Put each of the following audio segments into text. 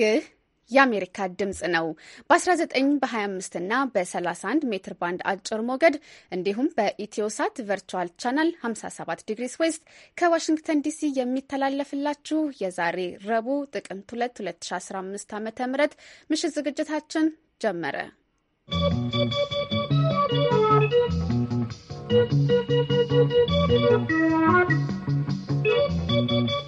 ይህ የአሜሪካ ድምፅ ነው። በ19 በ25 እና በ31 ሜትር ባንድ አጭር ሞገድ እንዲሁም በኢትዮሳት ቨርቹዋል ቻናል 57 ዲግሪስ ዌስት ከዋሽንግተን ዲሲ የሚተላለፍላችሁ የዛሬ ረቡዕ ጥቅምት 2 2015 ዓ ም ምሽት ዝግጅታችን ጀመረ። ¶¶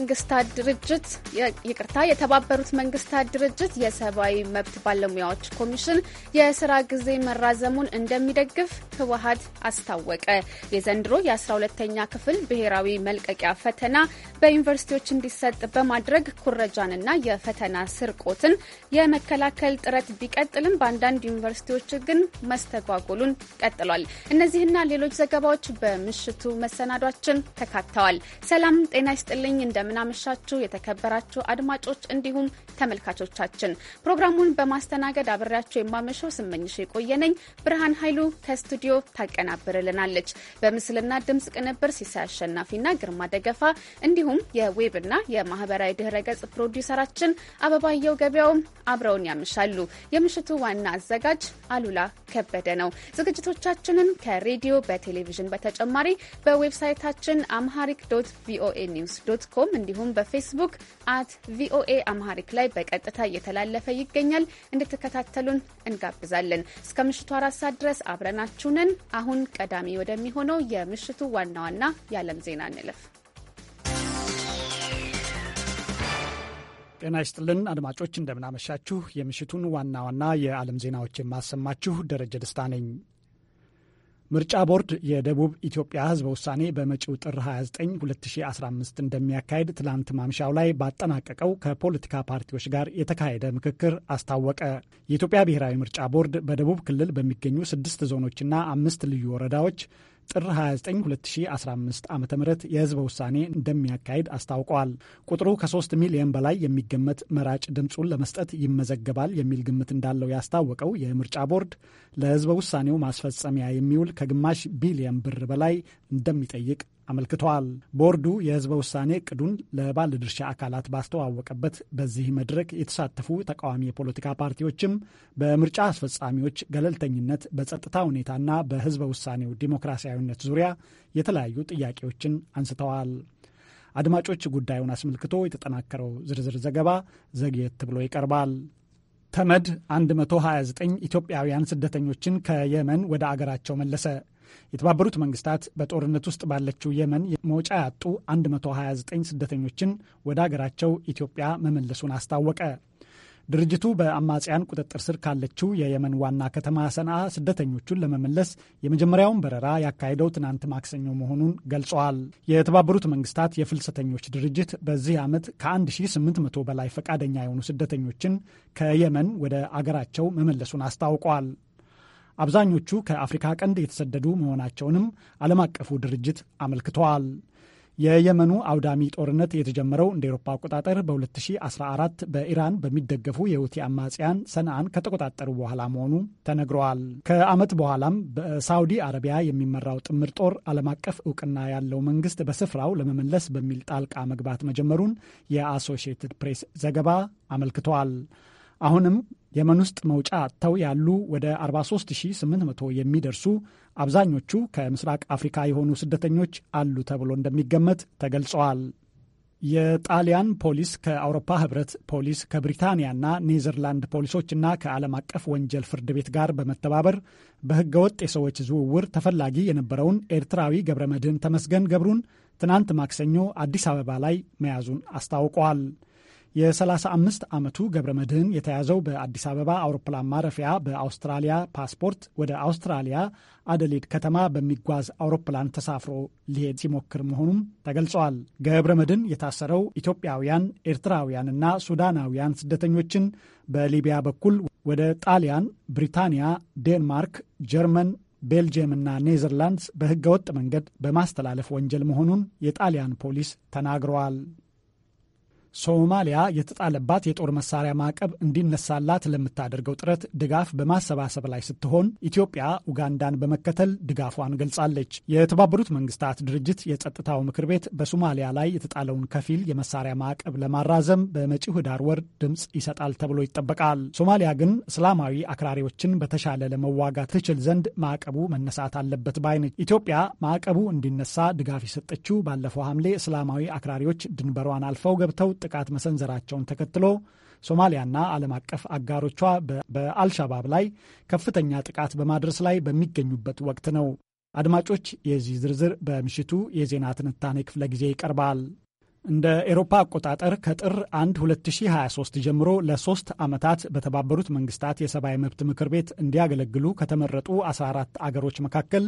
መንግስታት ድርጅት ይቅርታ፣ የተባበሩት መንግስታት ድርጅት የሰብአዊ መብት ባለሙያዎች ኮሚሽን የስራ ጊዜ መራዘሙን እንደሚደግፍ ህወሀት አስታወቀ። የዘንድሮ የ12ተኛ ክፍል ብሔራዊ መልቀቂያ ፈተና በዩኒቨርሲቲዎች እንዲሰጥ በማድረግ ኩረጃንና የፈተና ስርቆትን የመከላከል ጥረት ቢቀጥልም በአንዳንድ ዩኒቨርሲቲዎች ግን መስተጓጎሉን ቀጥሏል። እነዚህና ሌሎች ዘገባዎች በምሽቱ መሰናዷችን ተካተዋል። ሰላም ጤና ይስጥልኝ እንደምን እንደምናመሻችሁ የተከበራችሁ አድማጮች እንዲሁም ተመልካቾቻችን ፕሮግራሙን በማስተናገድ አብሬያችሁ የማመሸው ስመኝሽ የቆየነኝ ብርሃን ኃይሉ ከስቱዲዮ ታቀናብርልናለች። በምስልና ድምጽ ቅንብር ሲሳይ አሸናፊና ግርማ ደገፋ እንዲሁም የዌብና የማህበራዊ ድህረ ገጽ ፕሮዲውሰራችን አበባየው ገበያውም አብረውን ያምሻሉ። የምሽቱ ዋና አዘጋጅ አሉላ ከበደ ነው። ዝግጅቶቻችንን ከሬዲዮ በቴሌቪዥን በተጨማሪ በዌብሳይታችን አምሃሪክ ዶት ቪኦኤ ኒውስ ዶት ኮም እንዲሁም በፌስቡክ አት ቪኦኤ አምሃሪክ ላይ በቀጥታ እየተላለፈ ይገኛል። እንድትከታተሉን እንጋብዛለን። እስከ ምሽቱ አራት ሰዓት ድረስ አብረናችሁ ነን። አሁን ቀዳሚ ወደሚሆነው የምሽቱ ዋና ዋና የዓለም ዜና እንለፍ። ጤና ይስጥልን አድማጮች፣ እንደምናመሻችሁ። የምሽቱን ዋና ዋና የዓለም ዜናዎች የማሰማችሁ ደረጀ ደስታ ነኝ። ምርጫ ቦርድ የደቡብ ኢትዮጵያ ህዝበ ውሳኔ በመጪው ጥር 29 2015 እንደሚያካሄድ ትላንት ማምሻው ላይ ባጠናቀቀው ከፖለቲካ ፓርቲዎች ጋር የተካሄደ ምክክር አስታወቀ። የኢትዮጵያ ብሔራዊ ምርጫ ቦርድ በደቡብ ክልል በሚገኙ ስድስት ዞኖችና አምስት ልዩ ወረዳዎች ጥር 29 2015 ዓ ም የህዝበ ውሳኔ እንደሚያካሂድ አስታውቀዋል። ቁጥሩ ከ3 ሚሊዮን በላይ የሚገመት መራጭ ድምፁን ለመስጠት ይመዘገባል የሚል ግምት እንዳለው ያስታወቀው የምርጫ ቦርድ ለህዝበ ውሳኔው ማስፈጸሚያ የሚውል ከግማሽ ቢሊዮን ብር በላይ እንደሚጠይቅ አመልክተዋል። ቦርዱ የህዝበ ውሳኔ እቅዱን ድርሻ አካላት ባስተዋወቀበት በዚህ መድረክ የተሳተፉ ተቃዋሚ የፖለቲካ ፓርቲዎችም በምርጫ አስፈጻሚዎች ገለልተኝነት፣ በጸጥታ ሁኔታና በህዝበ ውሳኔው ዲሞክራሲያዊነት ዙሪያ የተለያዩ ጥያቄዎችን አንስተዋል። አድማጮች፣ ጉዳዩን አስመልክቶ የተጠናከረው ዝርዝር ዘገባ ዘግየት ብሎ ይቀርባል። ተመድ 129 ኢትዮጵያውያን ስደተኞችን ከየመን ወደ አገራቸው መለሰ። የተባበሩት መንግስታት በጦርነት ውስጥ ባለችው የመን መውጫ ያጡ 129 ስደተኞችን ወደ አገራቸው ኢትዮጵያ መመለሱን አስታወቀ። ድርጅቱ በአማጽያን ቁጥጥር ስር ካለችው የየመን ዋና ከተማ ሰንዓ ስደተኞቹን ለመመለስ የመጀመሪያውን በረራ ያካሄደው ትናንት ማክሰኞ መሆኑን ገልጸዋል። የተባበሩት መንግስታት የፍልሰተኞች ድርጅት በዚህ ዓመት ከ1800 በላይ ፈቃደኛ የሆኑ ስደተኞችን ከየመን ወደ አገራቸው መመለሱን አስታውቋል። አብዛኞቹ ከአፍሪካ ቀንድ የተሰደዱ መሆናቸውንም ዓለም አቀፉ ድርጅት አመልክተዋል። የየመኑ አውዳሚ ጦርነት የተጀመረው እንደ ኤሮፓ አቆጣጠር በ2014 በኢራን በሚደገፉ የሁቲ አማጽያን ሰንአን ከተቆጣጠሩ በኋላ መሆኑ ተነግረዋል። ከዓመት በኋላም በሳውዲ አረቢያ የሚመራው ጥምር ጦር ዓለም አቀፍ እውቅና ያለው መንግስት በስፍራው ለመመለስ በሚል ጣልቃ መግባት መጀመሩን የአሶሺየትድ ፕሬስ ዘገባ አመልክተዋል። አሁንም የመን ውስጥ መውጫ አጥተው ያሉ ወደ 43800 የሚደርሱ አብዛኞቹ ከምስራቅ አፍሪካ የሆኑ ስደተኞች አሉ ተብሎ እንደሚገመት ተገልጸዋል። የጣሊያን ፖሊስ ከአውሮፓ ህብረት ፖሊስ ከብሪታንያና ኔዘርላንድ ፖሊሶችና ከዓለም አቀፍ ወንጀል ፍርድ ቤት ጋር በመተባበር በህገወጥ የሰዎች ዝውውር ተፈላጊ የነበረውን ኤርትራዊ ገብረ መድህን ተመስገን ገብሩን ትናንት ማክሰኞ አዲስ አበባ ላይ መያዙን አስታውቋል። የ35 ዓመቱ ገብረ መድህን የተያዘው በአዲስ አበባ አውሮፕላን ማረፊያ በአውስትራሊያ ፓስፖርት ወደ አውስትራሊያ አደሌድ ከተማ በሚጓዝ አውሮፕላን ተሳፍሮ ሊሄድ ሲሞክር መሆኑም ተገልጸዋል። ገብረ መድህን የታሰረው ኢትዮጵያውያን፣ ኤርትራውያንና ሱዳናውያን ስደተኞችን በሊቢያ በኩል ወደ ጣሊያን፣ ብሪታንያ፣ ዴንማርክ፣ ጀርመን ቤልጅየም እና ኔዘርላንድስ በህገወጥ መንገድ በማስተላለፍ ወንጀል መሆኑን የጣሊያን ፖሊስ ተናግረዋል። ሶማሊያ የተጣለባት የጦር መሳሪያ ማዕቀብ እንዲነሳላት ለምታደርገው ጥረት ድጋፍ በማሰባሰብ ላይ ስትሆን ኢትዮጵያ ኡጋንዳን በመከተል ድጋፏን ገልጻለች። የተባበሩት መንግስታት ድርጅት የጸጥታው ምክር ቤት በሶማሊያ ላይ የተጣለውን ከፊል የመሳሪያ ማዕቀብ ለማራዘም በመጪው ህዳር ወር ድምፅ ይሰጣል ተብሎ ይጠበቃል። ሶማሊያ ግን እስላማዊ አክራሪዎችን በተሻለ ለመዋጋት ትችል ዘንድ ማዕቀቡ መነሳት አለበት ነች። ኢትዮጵያ ማዕቀቡ እንዲነሳ ድጋፍ የሰጠችው ባለፈው ሐምሌ እስላማዊ አክራሪዎች ድንበሯን አልፈው ገብተው ጥቃት መሰንዘራቸውን ተከትሎ ሶማሊያና ዓለም አቀፍ አጋሮቿ በአልሻባብ ላይ ከፍተኛ ጥቃት በማድረስ ላይ በሚገኙበት ወቅት ነው። አድማጮች፣ የዚህ ዝርዝር በምሽቱ የዜና ትንታኔ ክፍለ ጊዜ ይቀርባል። እንደ ኤሮፓ አቆጣጠር ከጥር 1 2023 ጀምሮ ለሶስት ዓመታት በተባበሩት መንግስታት የሰብአዊ መብት ምክር ቤት እንዲያገለግሉ ከተመረጡ 14 አገሮች መካከል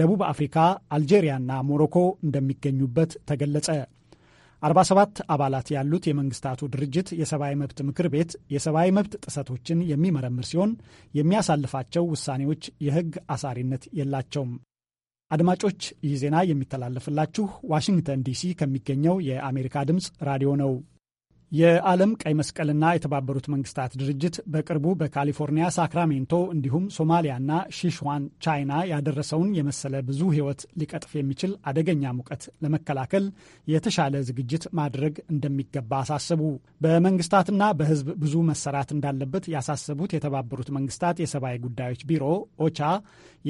ደቡብ አፍሪካ፣ አልጄሪያና ሞሮኮ እንደሚገኙበት ተገለጸ። 47 አባላት ያሉት የመንግስታቱ ድርጅት የሰብአዊ መብት ምክር ቤት የሰብአዊ መብት ጥሰቶችን የሚመረምር ሲሆን የሚያሳልፋቸው ውሳኔዎች የህግ አሳሪነት የላቸውም። አድማጮች፣ ይህ ዜና የሚተላለፍላችሁ ዋሽንግተን ዲሲ ከሚገኘው የአሜሪካ ድምፅ ራዲዮ ነው። የዓለም ቀይ መስቀልና የተባበሩት መንግስታት ድርጅት በቅርቡ በካሊፎርኒያ ሳክራሜንቶ እንዲሁም ሶማሊያና ሺሽዋን ቻይና ያደረሰውን የመሰለ ብዙ ሕይወት ሊቀጥፍ የሚችል አደገኛ ሙቀት ለመከላከል የተሻለ ዝግጅት ማድረግ እንደሚገባ አሳሰቡ። በመንግስታትና በሕዝብ ብዙ መሰራት እንዳለበት ያሳሰቡት የተባበሩት መንግስታት የሰብአዊ ጉዳዮች ቢሮ ኦቻ፣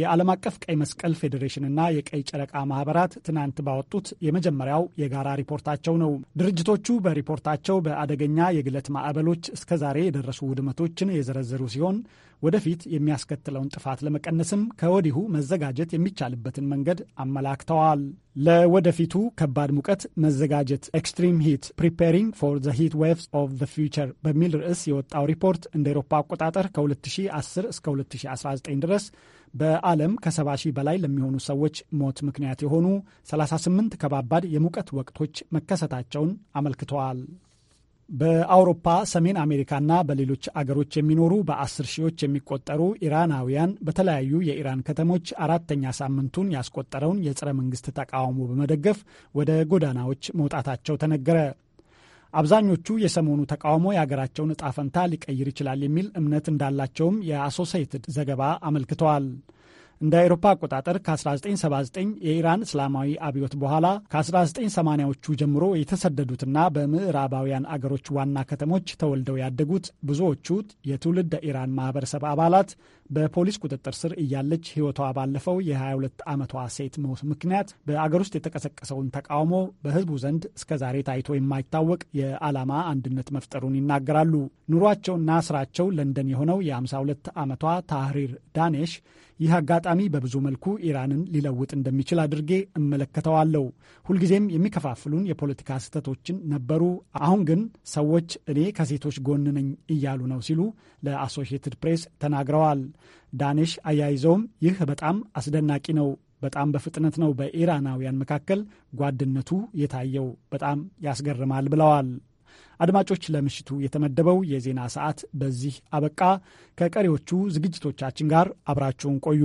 የዓለም አቀፍ ቀይ መስቀል ፌዴሬሽንና የቀይ ጨረቃ ማህበራት ትናንት ባወጡት የመጀመሪያው የጋራ ሪፖርታቸው ነው። ድርጅቶቹ በሪፖርታቸው በአደገኛ የግለት ማዕበሎች እስከዛሬ የደረሱ ውድመቶችን የዘረዘሩ ሲሆን ወደፊት የሚያስከትለውን ጥፋት ለመቀነስም ከወዲሁ መዘጋጀት የሚቻልበትን መንገድ አመላክተዋል። ለወደፊቱ ከባድ ሙቀት መዘጋጀት ኤክስትሪም ሂት ፕሪፔሪንግ ፎር ዘ ሂት ዌቭስ ኦፍ ዘ ፊውቸር በሚል ርዕስ የወጣው ሪፖርት እንደ ኤሮፓ አቆጣጠር ከ2010 እስከ 2019 ድረስ በዓለም ከ70 ሺህ በላይ ለሚሆኑ ሰዎች ሞት ምክንያት የሆኑ 38 ከባባድ የሙቀት ወቅቶች መከሰታቸውን አመልክተዋል። በአውሮፓ ሰሜን አሜሪካና በሌሎች አገሮች የሚኖሩ በአስር ሺዎች የሚቆጠሩ ኢራናውያን በተለያዩ የኢራን ከተሞች አራተኛ ሳምንቱን ያስቆጠረውን የጸረ መንግስት ተቃውሞ በመደገፍ ወደ ጎዳናዎች መውጣታቸው ተነገረ። አብዛኞቹ የሰሞኑ ተቃውሞ የአገራቸውን እጣ ፈንታ ሊቀይር ይችላል የሚል እምነት እንዳላቸውም የአሶሴትድ ዘገባ አመልክተዋል። እንደ አውሮፓ አቆጣጠር ከ1979 የኢራን እስላማዊ አብዮት በኋላ ከ1980ዎቹ ጀምሮ የተሰደዱትና በምዕራባውያን አገሮች ዋና ከተሞች ተወልደው ያደጉት ብዙዎቹ የትውልድ ኢራን ማህበረሰብ አባላት በፖሊስ ቁጥጥር ስር እያለች ሕይወቷ ባለፈው የ22 ዓመቷ ሴት ሞት ምክንያት በአገር ውስጥ የተቀሰቀሰውን ተቃውሞ በሕዝቡ ዘንድ እስከዛሬ ታይቶ የማይታወቅ የዓላማ አንድነት መፍጠሩን ይናገራሉ። ኑሯቸውና ስራቸው ለንደን የሆነው የ52 ዓመቷ ታህሪር ዳኔሽ ይህ አጋጣሚ በብዙ መልኩ ኢራንን ሊለውጥ እንደሚችል አድርጌ እመለከተዋለሁ። ሁልጊዜም የሚከፋፍሉን የፖለቲካ ስህተቶችን ነበሩ። አሁን ግን ሰዎች እኔ ከሴቶች ጎን ነኝ እያሉ ነው ሲሉ ለአሶሺየትድ ፕሬስ ተናግረዋል። ዳኔሽ አያይዘውም ይህ በጣም አስደናቂ ነው። በጣም በፍጥነት ነው በኢራናውያን መካከል ጓድነቱ የታየው። በጣም ያስገርማል ብለዋል። አድማጮች፣ ለምሽቱ የተመደበው የዜና ሰዓት በዚህ አበቃ። ከቀሪዎቹ ዝግጅቶቻችን ጋር አብራችሁን ቆዩ።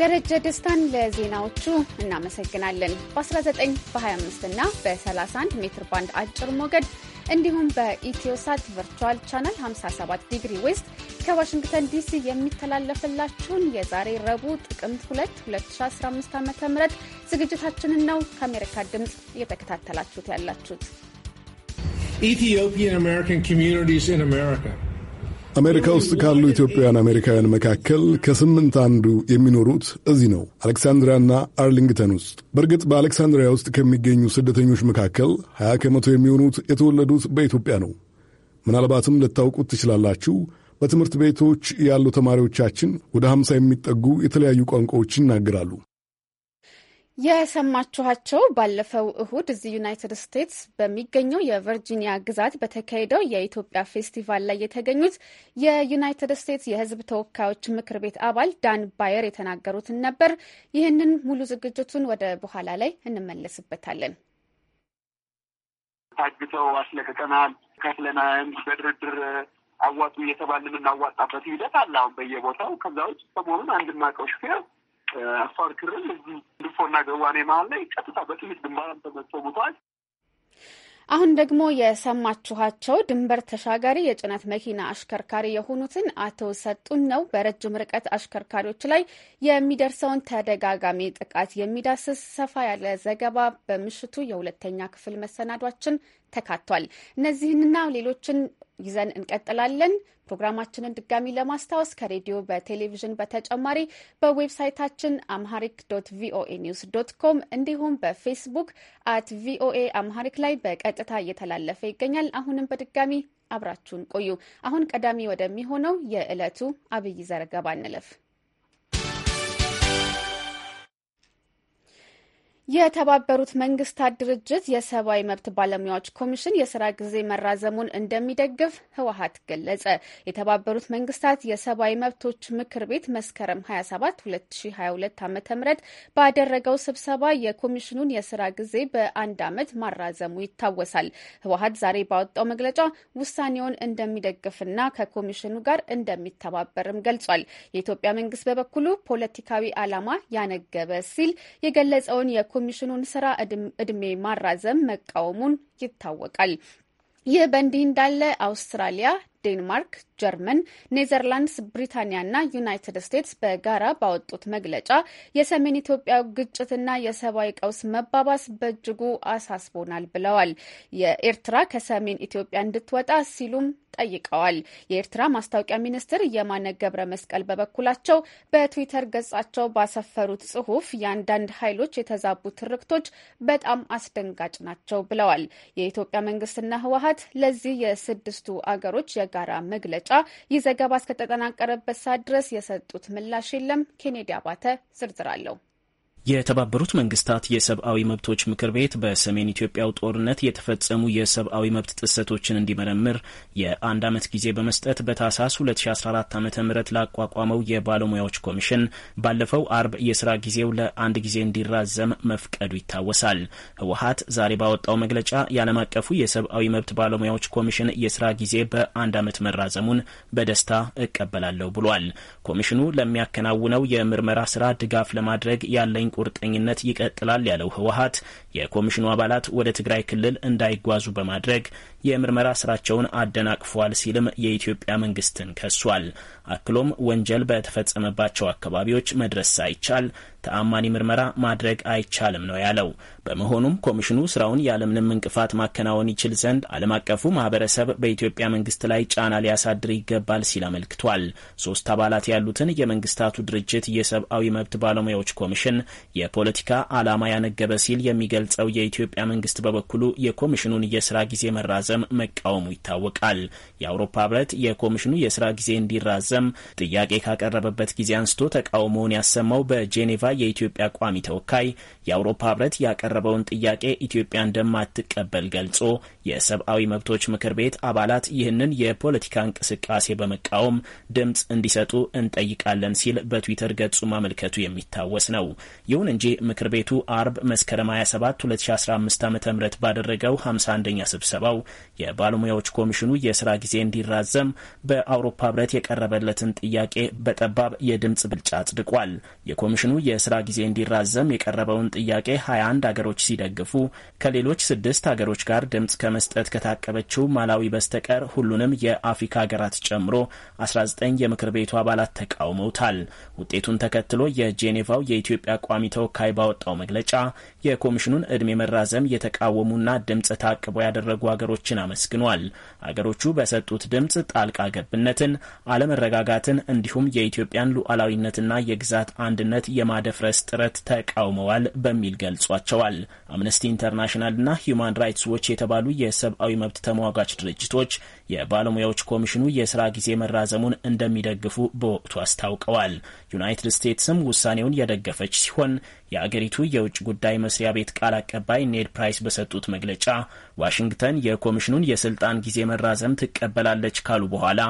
ደረጀ ደስታን ለዜናዎቹ እናመሰግናለን። በ19 በ25 እና በ31 ሜትር ባንድ አጭር ሞገድ እንዲሁም በኢትዮሳት ቨርቹዋል ቻናል 57 ዲግሪ ዌስት ከዋሽንግተን ዲሲ የሚተላለፍላችሁን የዛሬ ረቡዕ ጥቅምት 2 2015 ዓ ም ዝግጅታችንን ነው ከአሜሪካ ድምፅ እየተከታተላችሁት ያላችሁት ኢትዮጵያን አሜሪካን ኮሚኒቲስ ኢን አሜሪካ አሜሪካ ውስጥ ካሉ ኢትዮጵያውያን አሜሪካውያን መካከል ከስምንት አንዱ የሚኖሩት እዚህ ነው፣ አሌክሳንድሪያና አርሊንግተን ውስጥ። በእርግጥ በአሌክሳንድሪያ ውስጥ ከሚገኙ ስደተኞች መካከል ሀያ ከመቶ የሚሆኑት የተወለዱት በኢትዮጵያ ነው። ምናልባትም ልታውቁት ትችላላችሁ። በትምህርት ቤቶች ያሉ ተማሪዎቻችን ወደ ሀምሳ የሚጠጉ የተለያዩ ቋንቋዎች ይናገራሉ። የሰማችኋቸው ባለፈው እሁድ እዚህ ዩናይትድ ስቴትስ በሚገኘው የቨርጂኒያ ግዛት በተካሄደው የኢትዮጵያ ፌስቲቫል ላይ የተገኙት የዩናይትድ ስቴትስ የሕዝብ ተወካዮች ምክር ቤት አባል ዳን ባየር የተናገሩትን ነበር። ይህንን ሙሉ ዝግጅቱን ወደ በኋላ ላይ እንመለስበታለን። ታግተው አስለቅቀናል፣ ከፍለናል፣ በድርድር አዋጡ እየተባለ የምናዋጣበት ሂደት አለ አሁን በየቦታው ከዛ ውጭ ሰሞኑን አንድ ማቀው ሹፌር አፋር ክልል እዚህ ድፎና ገዋኔ መሀል ላይ ቀጥታ በጥይት ግንባራን ተመቶ ሙተዋል። አሁን ደግሞ የሰማችኋቸው ድንበር ተሻጋሪ የጭነት መኪና አሽከርካሪ የሆኑትን አቶ ሰጡን ነው። በረጅም ርቀት አሽከርካሪዎች ላይ የሚደርሰውን ተደጋጋሚ ጥቃት የሚዳስስ ሰፋ ያለ ዘገባ በምሽቱ የሁለተኛ ክፍል መሰናዷችን ተካቷል። እነዚህንና ሌሎችን ይዘን እንቀጥላለን። ፕሮግራማችንን ድጋሚ ለማስታወስ ከሬዲዮ በቴሌቪዥን በተጨማሪ በዌብሳይታችን አምሃሪክ ዶት ቪኦኤ ኒውስ ዶት ኮም እንዲሁም በፌስቡክ አት ቪኦኤ አምሃሪክ ላይ በቀጥታ እየተላለፈ ይገኛል። አሁንም በድጋሚ አብራችሁን ቆዩ። አሁን ቀዳሚ ወደሚሆነው የዕለቱ አብይ ዘገባ እንለፍ። የተባበሩት መንግስታት ድርጅት የሰብአዊ መብት ባለሙያዎች ኮሚሽን የስራ ጊዜ መራዘሙን እንደሚደግፍ ህወሀት ገለጸ። የተባበሩት መንግስታት የሰብአዊ መብቶች ምክር ቤት መስከረም 27 2022 ዓ ም ባደረገው ስብሰባ የኮሚሽኑን የስራ ጊዜ በአንድ ዓመት ማራዘሙ ይታወሳል። ህወሀት ዛሬ ባወጣው መግለጫ ውሳኔውን እንደሚደግፍና ከኮሚሽኑ ጋር እንደሚተባበርም ገልጿል። የኢትዮጵያ መንግስት በበኩሉ ፖለቲካዊ ዓላማ ያነገበ ሲል የገለጸውን የኮሚሽኑን ስራ እድሜ ማራዘም መቃወሙን ይታወቃል። ይህ በእንዲህ እንዳለ አውስትራሊያ፣ ዴንማርክ፣ ጀርመን፣ ኔዘርላንድስ፣ ብሪታንያና ዩናይትድ ስቴትስ በጋራ ባወጡት መግለጫ የሰሜን ኢትዮጵያ ግጭትና የሰብአዊ ቀውስ መባባስ በእጅጉ አሳስቦናል ብለዋል። የኤርትራ ከሰሜን ኢትዮጵያ እንድትወጣ ሲሉም ጠይቀዋል። የኤርትራ ማስታወቂያ ሚኒስትር የማነ ገብረ መስቀል በበኩላቸው በትዊተር ገጻቸው ባሰፈሩት ጽሁፍ የአንዳንድ ኃይሎች የተዛቡ ትርክቶች በጣም አስደንጋጭ ናቸው ብለዋል። የኢትዮጵያ መንግስትና ህወሀት ለዚህ የስድስቱ አገሮች የጋራ መግለጫ ይህ ዘገባ እስከተጠናቀረበት ሰዓት ድረስ የሰጡት ምላሽ የለም። ኬኔዲ አባተ ዝርዝር አለው። የተባበሩት መንግስታት የሰብአዊ መብቶች ምክር ቤት በሰሜን ኢትዮጵያው ጦርነት የተፈጸሙ የሰብአዊ መብት ጥሰቶችን እንዲመረምር የአንድ ዓመት ጊዜ በመስጠት በታህሳስ 2014 ዓ ም ላቋቋመው የባለሙያዎች ኮሚሽን ባለፈው አርብ የስራ ጊዜው ለአንድ ጊዜ እንዲራዘም መፍቀዱ ይታወሳል። ህወሀት ዛሬ ባወጣው መግለጫ የዓለም አቀፉ የሰብአዊ መብት ባለሙያዎች ኮሚሽን የስራ ጊዜ በአንድ ዓመት መራዘሙን በደስታ እቀበላለሁ ብሏል። ኮሚሽኑ ለሚያከናውነው የምርመራ ስራ ድጋፍ ለማድረግ ያለኝ በቁርጠኝነት ይቀጥላል ያለው ህወሀት የኮሚሽኑ አባላት ወደ ትግራይ ክልል እንዳይጓዙ በማድረግ የምርመራ ስራቸውን አደናቅፏል ሲልም የኢትዮጵያ መንግስትን ከሷል። አክሎም ወንጀል በተፈጸመባቸው አካባቢዎች መድረስ ሳይቻል ተአማኒ ምርመራ ማድረግ አይቻልም ነው ያለው። በመሆኑም ኮሚሽኑ ስራውን ያለምንም እንቅፋት ማከናወን ይችል ዘንድ ዓለም አቀፉ ማህበረሰብ በኢትዮጵያ መንግስት ላይ ጫና ሊያሳድር ይገባል ሲል አመልክቷል። ሶስት አባላት ያሉትን የመንግስታቱ ድርጅት የሰብአዊ መብት ባለሙያዎች ኮሚሽን የፖለቲካ ዓላማ ያነገበ ሲል የሚገል ገልጸው የኢትዮጵያ መንግስት በበኩሉ የኮሚሽኑን የስራ ጊዜ መራዘም መቃወሙ ይታወቃል። የአውሮፓ ህብረት የኮሚሽኑ የስራ ጊዜ እንዲራዘም ጥያቄ ካቀረበበት ጊዜ አንስቶ ተቃውሞውን ያሰማው በጄኔቫ የኢትዮጵያ ቋሚ ተወካይ የአውሮፓ ህብረት ያቀረበውን ጥያቄ ኢትዮጵያ እንደማትቀበል ገልጾ የሰብአዊ መብቶች ምክር ቤት አባላት ይህንን የፖለቲካ እንቅስቃሴ በመቃወም ድምፅ እንዲሰጡ እንጠይቃለን ሲል በትዊተር ገጹ ማመልከቱ የሚታወስ ነው። ይሁን እንጂ ምክር ቤቱ አርብ መስከረም 27 7 2015 ዓ ም ባደረገው 51ኛ ስብሰባው የባለሙያዎች ኮሚሽኑ የስራ ጊዜ እንዲራዘም በአውሮፓ ህብረት የቀረበለትን ጥያቄ በጠባብ የድምፅ ብልጫ አጽድቋል። የኮሚሽኑ የስራ ጊዜ እንዲራዘም የቀረበውን ጥያቄ 21 አገሮች ሲደግፉ ከሌሎች ስድስት አገሮች ጋር ድምፅ ከመስጠት ከታቀበችው ማላዊ በስተቀር ሁሉንም የአፍሪካ ሀገራት ጨምሮ 19 የምክር ቤቱ አባላት ተቃውመውታል። ውጤቱን ተከትሎ የጄኔቫው የኢትዮጵያ ቋሚ ተወካይ ባወጣው መግለጫ የኮሚሽኑ የኮሚሽኑን ዕድሜ መራዘም የተቃወሙና ድምፅ ታቅቦ ያደረጉ ሀገሮችን አመስግኗል። አገሮቹ በሰጡት ድምፅ ጣልቃ ገብነትን፣ አለመረጋጋትን እንዲሁም የኢትዮጵያን ሉዓላዊነትና የግዛት አንድነት የማደፍረስ ጥረት ተቃውመዋል በሚል ገልጿቸዋል። አምነስቲ ኢንተርናሽናልና ሂዩማን ራይትስ ዎች የተባሉ የሰብአዊ መብት ተሟጋች ድርጅቶች የባለሙያዎች ኮሚሽኑ የስራ ጊዜ መራዘሙን እንደሚደግፉ በወቅቱ አስታውቀዋል። ዩናይትድ ስቴትስም ውሳኔውን የደገፈች ሲሆን የአገሪቱ የውጭ ጉዳይ መስሪያ ቤት ቃል አቀባይ ኔድ ፕራይስ በሰጡት መግለጫ ዋሽንግተን የኮሚሽኑን የስልጣን ጊዜ መራዘም ትቀበላለች ካሉ በኋላ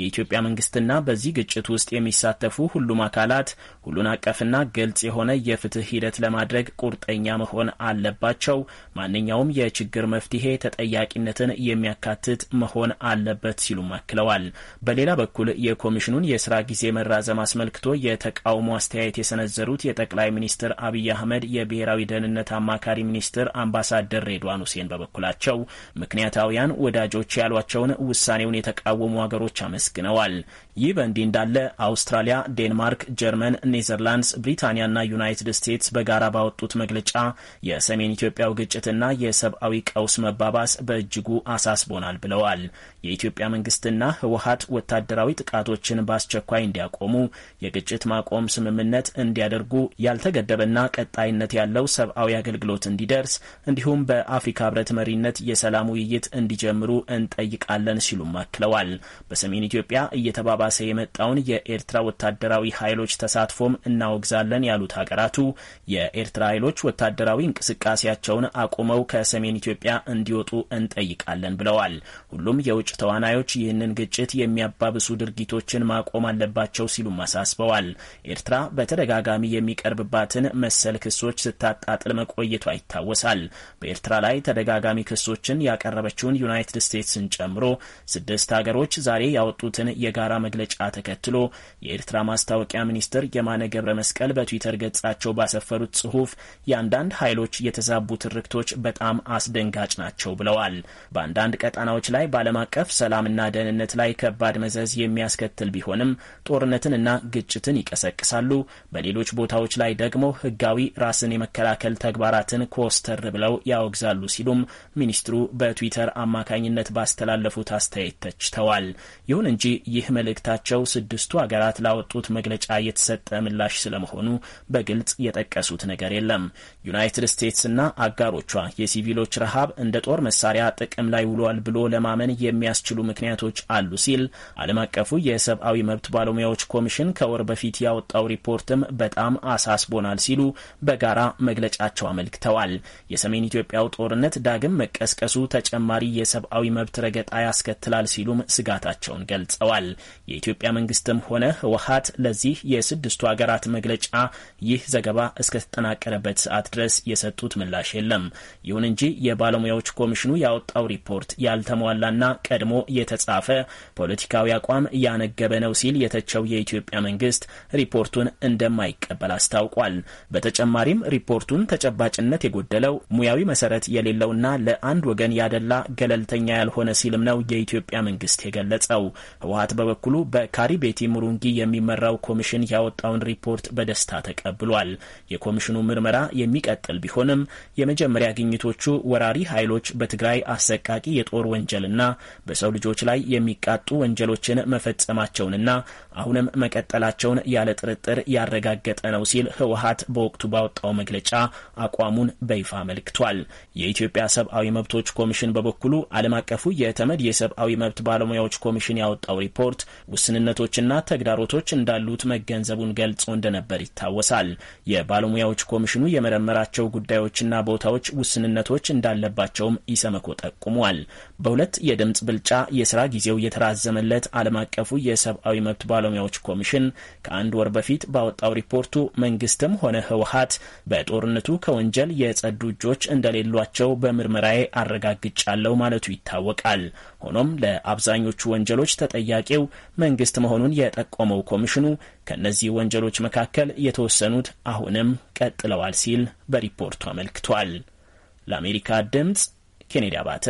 የኢትዮጵያ መንግስትና በዚህ ግጭት ውስጥ የሚሳተፉ ሁሉም አካላት ሁሉን አቀፍና ግልጽ የሆነ የፍትህ ሂደት ለማድረግ ቁርጠኛ መሆን አለባቸው። ማንኛውም የችግር መፍትሄ ተጠያቂነትን የሚያካትት መሆን አለበት ሲሉም አክለዋል። በሌላ በኩል የኮሚሽኑን የስራ ጊዜ መራዘም አስመልክቶ የተቃውሞ አስተያየት የሰነዘሩት የጠቅላይ ሚኒስትር አብይ አህመድ የብሔራዊ ደህንነት አማካሪ ሚኒስትር አምባሳደር ሬድዋን ሁሴን በበኩላቸው ናቸው። ምክንያታውያን ወዳጆች ያሏቸውን ውሳኔውን የተቃወሙ ሀገሮች አመስግነዋል። ይህ በእንዲህ እንዳለ አውስትራሊያ፣ ዴንማርክ፣ ጀርመን፣ ኔዘርላንድስ፣ ብሪታንያና ዩናይትድ ስቴትስ በጋራ ባወጡት መግለጫ የሰሜን ኢትዮጵያው ግጭትና የሰብአዊ ቀውስ መባባስ በእጅጉ አሳስቦናል ብለዋል። የኢትዮጵያ መንግስትና ህወሀት ወታደራዊ ጥቃቶችን በአስቸኳይ እንዲያቆሙ፣ የግጭት ማቆም ስምምነት እንዲያደርጉ፣ ያልተገደበና ቀጣይነት ያለው ሰብአዊ አገልግሎት እንዲደርስ እንዲሁም በአፍሪካ ህብረት መሪነት በቀጣይነት የሰላም ውይይት እንዲጀምሩ እንጠይቃለን ሲሉም አክለዋል። በሰሜን ኢትዮጵያ እየተባባሰ የመጣውን የኤርትራ ወታደራዊ ኃይሎች ተሳትፎም እናወግዛለን ያሉት ሀገራቱ የኤርትራ ኃይሎች ወታደራዊ እንቅስቃሴያቸውን አቁመው ከሰሜን ኢትዮጵያ እንዲወጡ እንጠይቃለን ብለዋል። ሁሉም የውጭ ተዋናዮች ይህንን ግጭት የሚያባብሱ ድርጊቶችን ማቆም አለባቸው ሲሉም አሳስበዋል። ኤርትራ በተደጋጋሚ የሚቀርብባትን መሰል ክሶች ስታጣጥል መቆየቷ ይታወሳል። በኤርትራ ላይ ተደጋጋሚ ክሶችን ያቀረበችውን ዩናይትድ ስቴትስን ጨምሮ ስድስት ሀገሮች ዛሬ ያወጡትን የጋራ መግለጫ ተከትሎ የኤርትራ ማስታወቂያ ሚኒስትር የማነ ገብረ መስቀል በትዊተር ገጻቸው ባሰፈሩት ጽሁፍ የአንዳንድ ኃይሎች የተዛቡ ትርክቶች በጣም አስደንጋጭ ናቸው ብለዋል። በአንዳንድ ቀጣናዎች ላይ በዓለም አቀፍ ሰላምና ደህንነት ላይ ከባድ መዘዝ የሚያስከትል ቢሆንም ጦርነትንና ግጭትን ይቀሰቅሳሉ። በሌሎች ቦታዎች ላይ ደግሞ ህጋዊ ራስን የመከላከል ተግባራትን ኮስተር ብለው ያወግዛሉ ሲሉም ሚኒስትሩ በትዊተር አማካኝነት ባስተላለፉት አስተያየት ተችተዋል። ይሁን እንጂ ይህ መልእክታቸው ስድስቱ አገራት ላወጡት መግለጫ የተሰጠ ምላሽ ስለመሆኑ በግልጽ የጠቀሱት ነገር የለም። ዩናይትድ ስቴትስና አጋሮቿ የሲቪሎች ረሃብ እንደ ጦር መሳሪያ ጥቅም ላይ ውሏል ብሎ ለማመን የሚያስችሉ ምክንያቶች አሉ ሲል ዓለም አቀፉ የሰብአዊ መብት ባለሙያዎች ኮሚሽን ከወር በፊት ያወጣው ሪፖርትም በጣም አሳስቦናል ሲሉ በጋራ መግለጫቸው አመልክተዋል። የሰሜን ኢትዮጵያው ጦርነት ዳግም መቀ መቀስቀሱ ተጨማሪ የሰብአዊ መብት ረገጣ ያስከትላል ሲሉም ስጋታቸውን ገልጸዋል። የኢትዮጵያ መንግስትም ሆነ ህወሀት ለዚህ የስድስቱ ሀገራት መግለጫ ይህ ዘገባ እስከተጠናቀረበት ሰዓት ድረስ የሰጡት ምላሽ የለም። ይሁን እንጂ የባለሙያዎች ኮሚሽኑ ያወጣው ሪፖርት ያልተሟላና ቀድሞ የተጻፈ ፖለቲካዊ አቋም ያነገበ ነው ሲል የተቸው የኢትዮጵያ መንግስት ሪፖርቱን እንደማይቀበል አስታውቋል። በተጨማሪም ሪፖርቱን ተጨባጭነት የጎደለው ሙያዊ መሰረት የሌለውና ለ አንድ ወገን ያደላ ገለልተኛ ያልሆነ ሲልም ነው የኢትዮጵያ መንግስት የገለጸው። ህወሀት በበኩሉ በካሪቤቲ ሙሩንጊ የሚመራው ኮሚሽን ያወጣውን ሪፖርት በደስታ ተቀብሏል። የኮሚሽኑ ምርመራ የሚቀጥል ቢሆንም የመጀመሪያ ግኝቶቹ ወራሪ ኃይሎች በትግራይ አሰቃቂ የጦር ወንጀልና በሰው ልጆች ላይ የሚቃጡ ወንጀሎችን መፈጸማቸውንና አሁንም መቀጠላቸውን ያለ ጥርጥር ያረጋገጠ ነው ሲል ህወሀት በወቅቱ ባወጣው መግለጫ አቋሙን በይፋ አመልክቷል። የኢትዮጵያ ሰብአዊ የሰብአዊ መብቶች ኮሚሽን በበኩሉ ዓለም አቀፉ የተመድ የሰብአዊ መብት ባለሙያዎች ኮሚሽን ያወጣው ሪፖርት ውስንነቶችና ተግዳሮቶች እንዳሉት መገንዘቡን ገልጾ እንደነበር ይታወሳል። የባለሙያዎች ኮሚሽኑ የመረመራቸው ጉዳዮችና ቦታዎች ውስንነቶች እንዳለባቸውም ኢሰመኮ ጠቁሟል። በሁለት የድምፅ ብልጫ የስራ ጊዜው የተራዘመለት ዓለም አቀፉ የሰብአዊ መብት ባለሙያዎች ኮሚሽን ከአንድ ወር በፊት ባወጣው ሪፖርቱ መንግስትም ሆነ ህወሀት በጦርነቱ ከወንጀል የጸዱ እጆች እንደሌሏቸው በምርመራዬ አረጋግጫለሁ ማለቱ ይታወቃል። ሆኖም ለአብዛኞቹ ወንጀሎች ተጠያቂው መንግስት መሆኑን የጠቆመው ኮሚሽኑ ከእነዚህ ወንጀሎች መካከል የተወሰኑት አሁንም ቀጥለዋል ሲል በሪፖርቱ አመልክቷል። ለአሜሪካ ድምፅ ኬኔዲ አባተ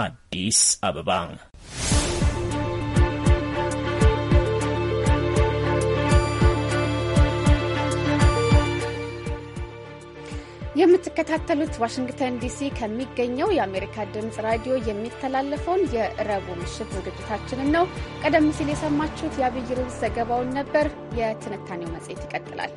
አዲስ አበባ። የምትከታተሉት ዋሽንግተን ዲሲ ከሚገኘው የአሜሪካ ድምፅ ራዲዮ የሚተላለፈውን የረቡ ምሽት ዝግጅታችንን ነው። ቀደም ሲል የሰማችሁት የአብይ ርዕስ ዘገባውን ነበር። የትንታኔው መጽሔት ይቀጥላል።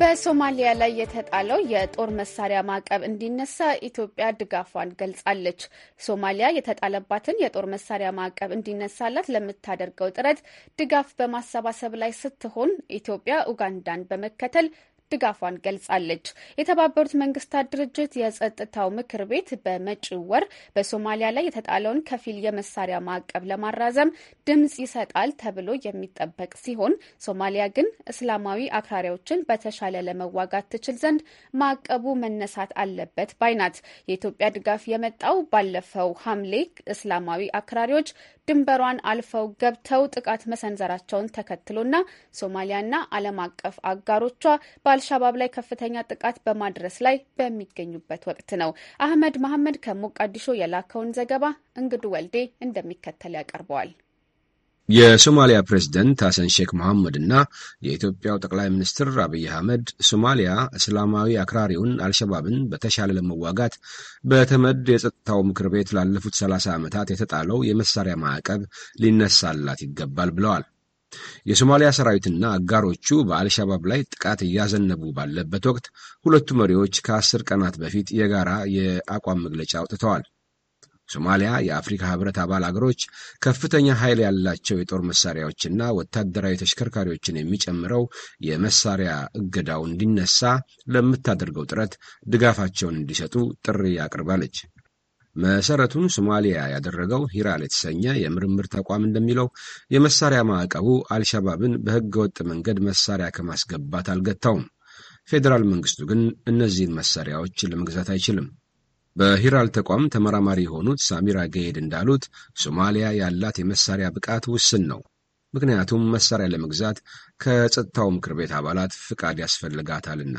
በሶማሊያ ላይ የተጣለው የጦር መሳሪያ ማዕቀብ እንዲነሳ ኢትዮጵያ ድጋፏን ገልጻለች። ሶማሊያ የተጣለባትን የጦር መሳሪያ ማዕቀብ እንዲነሳላት ለምታደርገው ጥረት ድጋፍ በማሰባሰብ ላይ ስትሆን ኢትዮጵያ ኡጋንዳን በመከተል ድጋፏን ገልጻለች። የተባበሩት መንግስታት ድርጅት የጸጥታው ምክር ቤት በመጪው ወር በሶማሊያ ላይ የተጣለውን ከፊል የመሳሪያ ማዕቀብ ለማራዘም ድምጽ ይሰጣል ተብሎ የሚጠበቅ ሲሆን ሶማሊያ ግን እስላማዊ አክራሪዎችን በተሻለ ለመዋጋት ትችል ዘንድ ማዕቀቡ መነሳት አለበት ባይናት። የኢትዮጵያ ድጋፍ የመጣው ባለፈው ሐምሌ እስላማዊ አክራሪዎች ድንበሯን አልፈው ገብተው ጥቃት መሰንዘራቸውን ተከትሎና ሶማሊያና ዓለም አቀፍ አጋሮቿ አልሻባብ ላይ ከፍተኛ ጥቃት በማድረስ ላይ በሚገኙበት ወቅት ነው። አህመድ መሐመድ ከሞቃዲሾ የላከውን ዘገባ እንግዱ ወልዴ እንደሚከተል ያቀርበዋል። የሶማሊያ ፕሬዝደንት ሐሰን ሼክ መሐመድ እና የኢትዮጵያው ጠቅላይ ሚኒስትር አብይ አህመድ ሶማሊያ እስላማዊ አክራሪውን አልሸባብን በተሻለ ለመዋጋት በተመድ የጸጥታው ምክር ቤት ላለፉት ሰላሳ ዓመታት የተጣለው የመሳሪያ ማዕቀብ ሊነሳላት ይገባል ብለዋል። የሶማሊያ ሰራዊትና አጋሮቹ በአልሻባብ ላይ ጥቃት እያዘነቡ ባለበት ወቅት ሁለቱ መሪዎች ከአስር ቀናት በፊት የጋራ የአቋም መግለጫ አውጥተዋል። ሶማሊያ የአፍሪካ ህብረት አባል አገሮች ከፍተኛ ኃይል ያላቸው የጦር መሳሪያዎችና ወታደራዊ ተሽከርካሪዎችን የሚጨምረው የመሳሪያ እገዳው እንዲነሳ ለምታደርገው ጥረት ድጋፋቸውን እንዲሰጡ ጥሪ አቅርባለች። መሰረቱን ሶማሊያ ያደረገው ሂራል የተሰኘ የምርምር ተቋም እንደሚለው የመሳሪያ ማዕቀቡ አልሸባብን በህገወጥ መንገድ መሳሪያ ከማስገባት አልገታውም። ፌዴራል መንግስቱ ግን እነዚህን መሳሪያዎች ለመግዛት አይችልም። በሂራል ተቋም ተመራማሪ የሆኑት ሳሚራ ገይድ እንዳሉት ሶማሊያ ያላት የመሳሪያ ብቃት ውስን ነው። ምክንያቱም መሳሪያ ለመግዛት ከጸጥታው ምክር ቤት አባላት ፍቃድ ያስፈልጋታልና።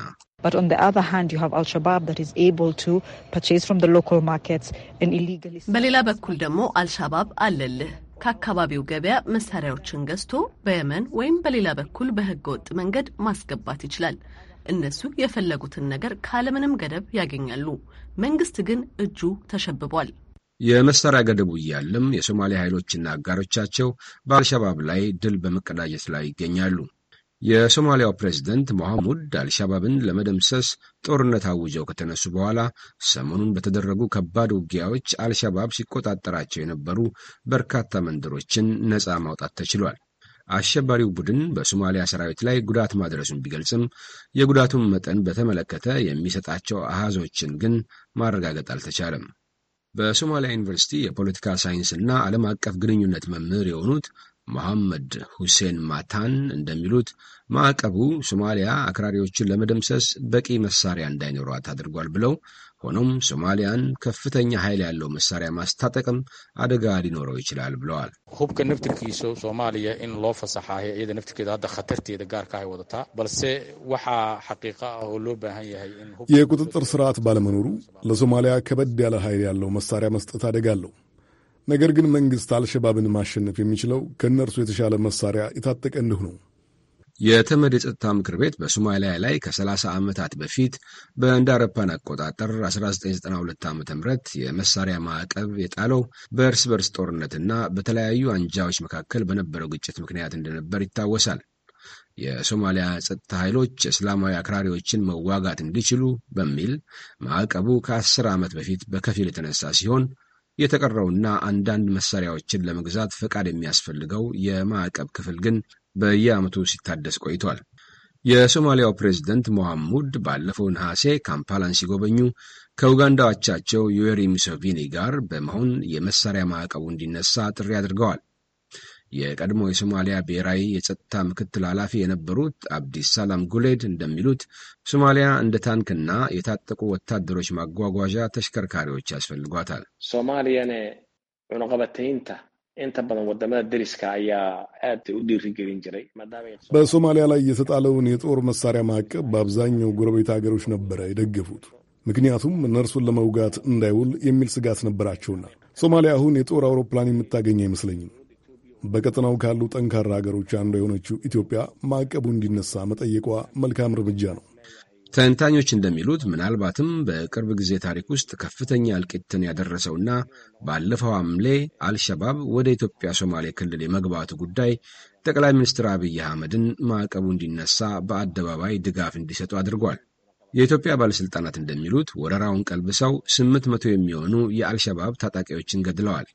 በሌላ በኩል ደግሞ አልሻባብ አለልህ ከአካባቢው ገበያ መሳሪያዎችን ገዝቶ በየመን ወይም በሌላ በኩል በህገወጥ ወጥ መንገድ ማስገባት ይችላል። እነሱ የፈለጉትን ነገር ካለምንም ገደብ ያገኛሉ። መንግስት ግን እጁ ተሸብቧል። የመሳሪያ ገደቡ እያለም የሶማሊያ ኃይሎችና አጋሮቻቸው በአልሸባብ ላይ ድል በመቀዳጀት ላይ ይገኛሉ። የሶማሊያው ፕሬዚደንት መሐሙድ አልሻባብን ለመደምሰስ ጦርነት አውጀው ከተነሱ በኋላ ሰሞኑን በተደረጉ ከባድ ውጊያዎች አልሸባብ ሲቆጣጠራቸው የነበሩ በርካታ መንደሮችን ነፃ ማውጣት ተችሏል። አሸባሪው ቡድን በሶማሊያ ሰራዊት ላይ ጉዳት ማድረሱን ቢገልጽም የጉዳቱን መጠን በተመለከተ የሚሰጣቸው አሃዞችን ግን ማረጋገጥ አልተቻለም። በሶማሊያ ዩኒቨርሲቲ የፖለቲካ ሳይንስና ዓለም አቀፍ ግንኙነት መምህር የሆኑት መሐመድ ሁሴን ማታን እንደሚሉት ማዕቀቡ ሶማሊያ አክራሪዎችን ለመደምሰስ በቂ መሳሪያ እንዳይኖሯት አድርጓል ብለው፣ ሆኖም ሶማሊያን ከፍተኛ ኃይል ያለው መሳሪያ ማስታጠቅም አደጋ ሊኖረው ይችላል ብለዋል። ሁብከ ንፍትኪሶ ሶማሊያ ኢን ሎ ፈሳሓ ዒዳ ንፍትኪዳ ሀደ ኸተርቴዳ ጋርካ ሃይ ወደታ በልሴ ወሓ ሐቂቃ ሁ ሎ ባሃን ያሃይ የቁጥጥር ስርዓት ባለመኖሩ ለሶማሊያ ከበድ ያለ ኃይል ያለው መሳሪያ መስጠት አደጋ አለው። ነገር ግን መንግሥት አልሸባብን ማሸነፍ የሚችለው ከእነርሱ የተሻለ መሳሪያ የታጠቀ እንዲሁ ነው። የተመድ የጸጥታ ምክር ቤት በሶማሊያ ላይ ከ30 ዓመታት በፊት በእንደ አውሮፓን አቆጣጠር 1992 ዓ ም የመሳሪያ ማዕቀብ የጣለው በእርስ በርስ ጦርነትና በተለያዩ አንጃዎች መካከል በነበረው ግጭት ምክንያት እንደነበር ይታወሳል። የሶማሊያ ጸጥታ ኃይሎች እስላማዊ አክራሪዎችን መዋጋት እንዲችሉ በሚል ማዕቀቡ ከ10 ዓመት በፊት በከፊል የተነሳ ሲሆን የተቀረውና አንዳንድ መሳሪያዎችን ለመግዛት ፈቃድ የሚያስፈልገው የማዕቀብ ክፍል ግን በየዓመቱ ሲታደስ ቆይቷል። የሶማሊያው ፕሬዚደንት ሞሐሙድ ባለፈው ነሐሴ ካምፓላን ሲጎበኙ ከኡጋንዳ አቻቸው ዮዌሪ ጋር በመሆን የመሳሪያ ማዕቀቡ እንዲነሳ ጥሪ አድርገዋል። የቀድሞ የሶማሊያ ብሔራዊ የጸጥታ ምክትል ኃላፊ የነበሩት አብዲስ ሳላም ጉሌድ እንደሚሉት ሶማሊያ እንደ ታንክና የታጠቁ ወታደሮች ማጓጓዣ ተሽከርካሪዎች ያስፈልጓታል። ሶማሊያን ዑነቀበተይንታ በሶማሊያ ላይ የተጣለውን የጦር መሳሪያ ማዕቀብ በአብዛኛው ጎረቤት ሀገሮች ነበረ የደገፉት። ምክንያቱም እነርሱን ለመውጋት እንዳይውል የሚል ስጋት ነበራቸውና ሶማሊያ አሁን የጦር አውሮፕላን የምታገኝ አይመስለኝም። በቀጠናው ካሉ ጠንካራ ሀገሮች አንዱ የሆነችው ኢትዮጵያ ማዕቀቡ እንዲነሳ መጠየቋ መልካም እርምጃ ነው። ተንታኞች እንደሚሉት ምናልባትም በቅርብ ጊዜ ታሪክ ውስጥ ከፍተኛ እልቂትን ያደረሰውና ባለፈው ሐምሌ አልሸባብ ወደ ኢትዮጵያ ሶማሌ ክልል የመግባቱ ጉዳይ ጠቅላይ ሚኒስትር አብይ አህመድን ማዕቀቡ እንዲነሳ በአደባባይ ድጋፍ እንዲሰጡ አድርጓል። የኢትዮጵያ ባለሥልጣናት እንደሚሉት ወረራውን ቀልብሰው ስምንት መቶ የሚሆኑ የአልሸባብ ታጣቂዎችን ገድለዋል።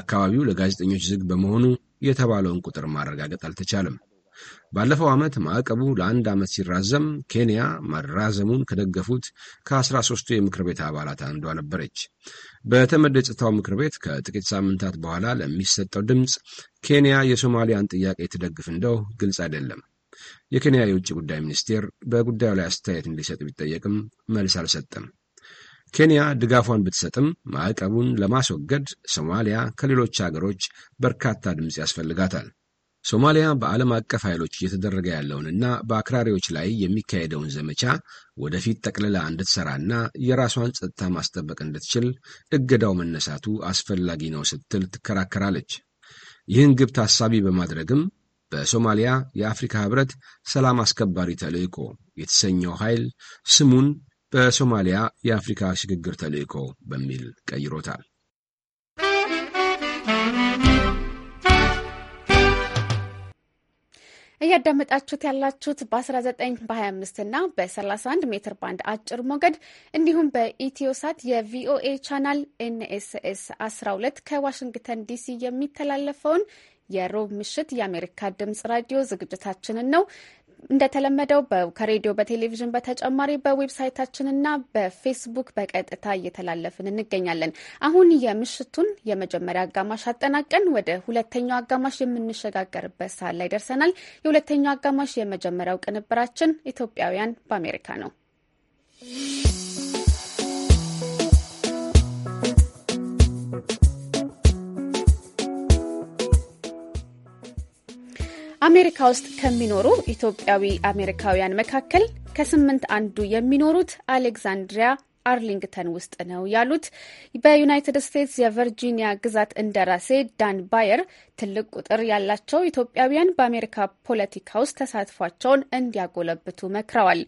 አካባቢው ለጋዜጠኞች ዝግ በመሆኑ የተባለውን ቁጥር ማረጋገጥ አልተቻለም። ባለፈው ዓመት ማዕቀቡ ለአንድ ዓመት ሲራዘም ኬንያ ማራዘሙን ከደገፉት ከአስራ ሦስቱ የምክር ቤት አባላት አንዷ ነበረች። በተመድ የጸጥታው ምክር ቤት ከጥቂት ሳምንታት በኋላ ለሚሰጠው ድምፅ ኬንያ የሶማሊያን ጥያቄ ትደግፍ እንደው ግልጽ አይደለም። የኬንያ የውጭ ጉዳይ ሚኒስቴር በጉዳዩ ላይ አስተያየት እንዲሰጥ ቢጠየቅም መልስ አልሰጠም። ኬንያ ድጋፏን ብትሰጥም ማዕቀቡን ለማስወገድ ሶማሊያ ከሌሎች አገሮች በርካታ ድምፅ ያስፈልጋታል። ሶማሊያ በዓለም አቀፍ ኃይሎች እየተደረገ ያለውንና በአክራሪዎች ላይ የሚካሄደውን ዘመቻ ወደፊት ጠቅልላ እንድትሰራና የራሷን ጸጥታ ማስጠበቅ እንድትችል እገዳው መነሳቱ አስፈላጊ ነው ስትል ትከራከራለች። ይህን ግብ ታሳቢ በማድረግም በሶማሊያ የአፍሪካ ህብረት ሰላም አስከባሪ ተልእኮ የተሰኘው ኃይል ስሙን በሶማሊያ የአፍሪካ ሽግግር ተልዕኮ በሚል ቀይሮታል። እያዳመጣችሁት ያላችሁት በ19 በ25 እና በ31 ሜትር ባንድ አጭር ሞገድ እንዲሁም በኢትዮሳት የቪኦኤ ቻናል ኤንኤስኤስ 12 ከዋሽንግተን ዲሲ የሚተላለፈውን የሮብ ምሽት የአሜሪካ ድምጽ ራዲዮ ዝግጅታችንን ነው። እንደተለመደው ከሬዲዮ በቴሌቪዥን በተጨማሪ በዌብሳይታችንና በፌስቡክ በቀጥታ እየተላለፍን እንገኛለን። አሁን የምሽቱን የመጀመሪያ አጋማሽ አጠናቀን ወደ ሁለተኛው አጋማሽ የምንሸጋገርበት ሰዓት ላይ ደርሰናል። የሁለተኛው አጋማሽ የመጀመሪያው ቅንብራችን ኢትዮጵያውያን በአሜሪካ ነው። አሜሪካ ውስጥ ከሚኖሩ ኢትዮጵያዊ አሜሪካውያን መካከል ከስምንት አንዱ የሚኖሩት አሌክዛንድሪያ አርሊንግተን ውስጥ ነው ያሉት በዩናይትድ ስቴትስ የቨርጂኒያ ግዛት እንደራሴ ዳን ባየር ትልቅ ቁጥር ያላቸው ኢትዮጵያውያን በአሜሪካ ፖለቲካ ውስጥ ተሳትፏቸውን እንዲያጎለብቱ መክረዋል።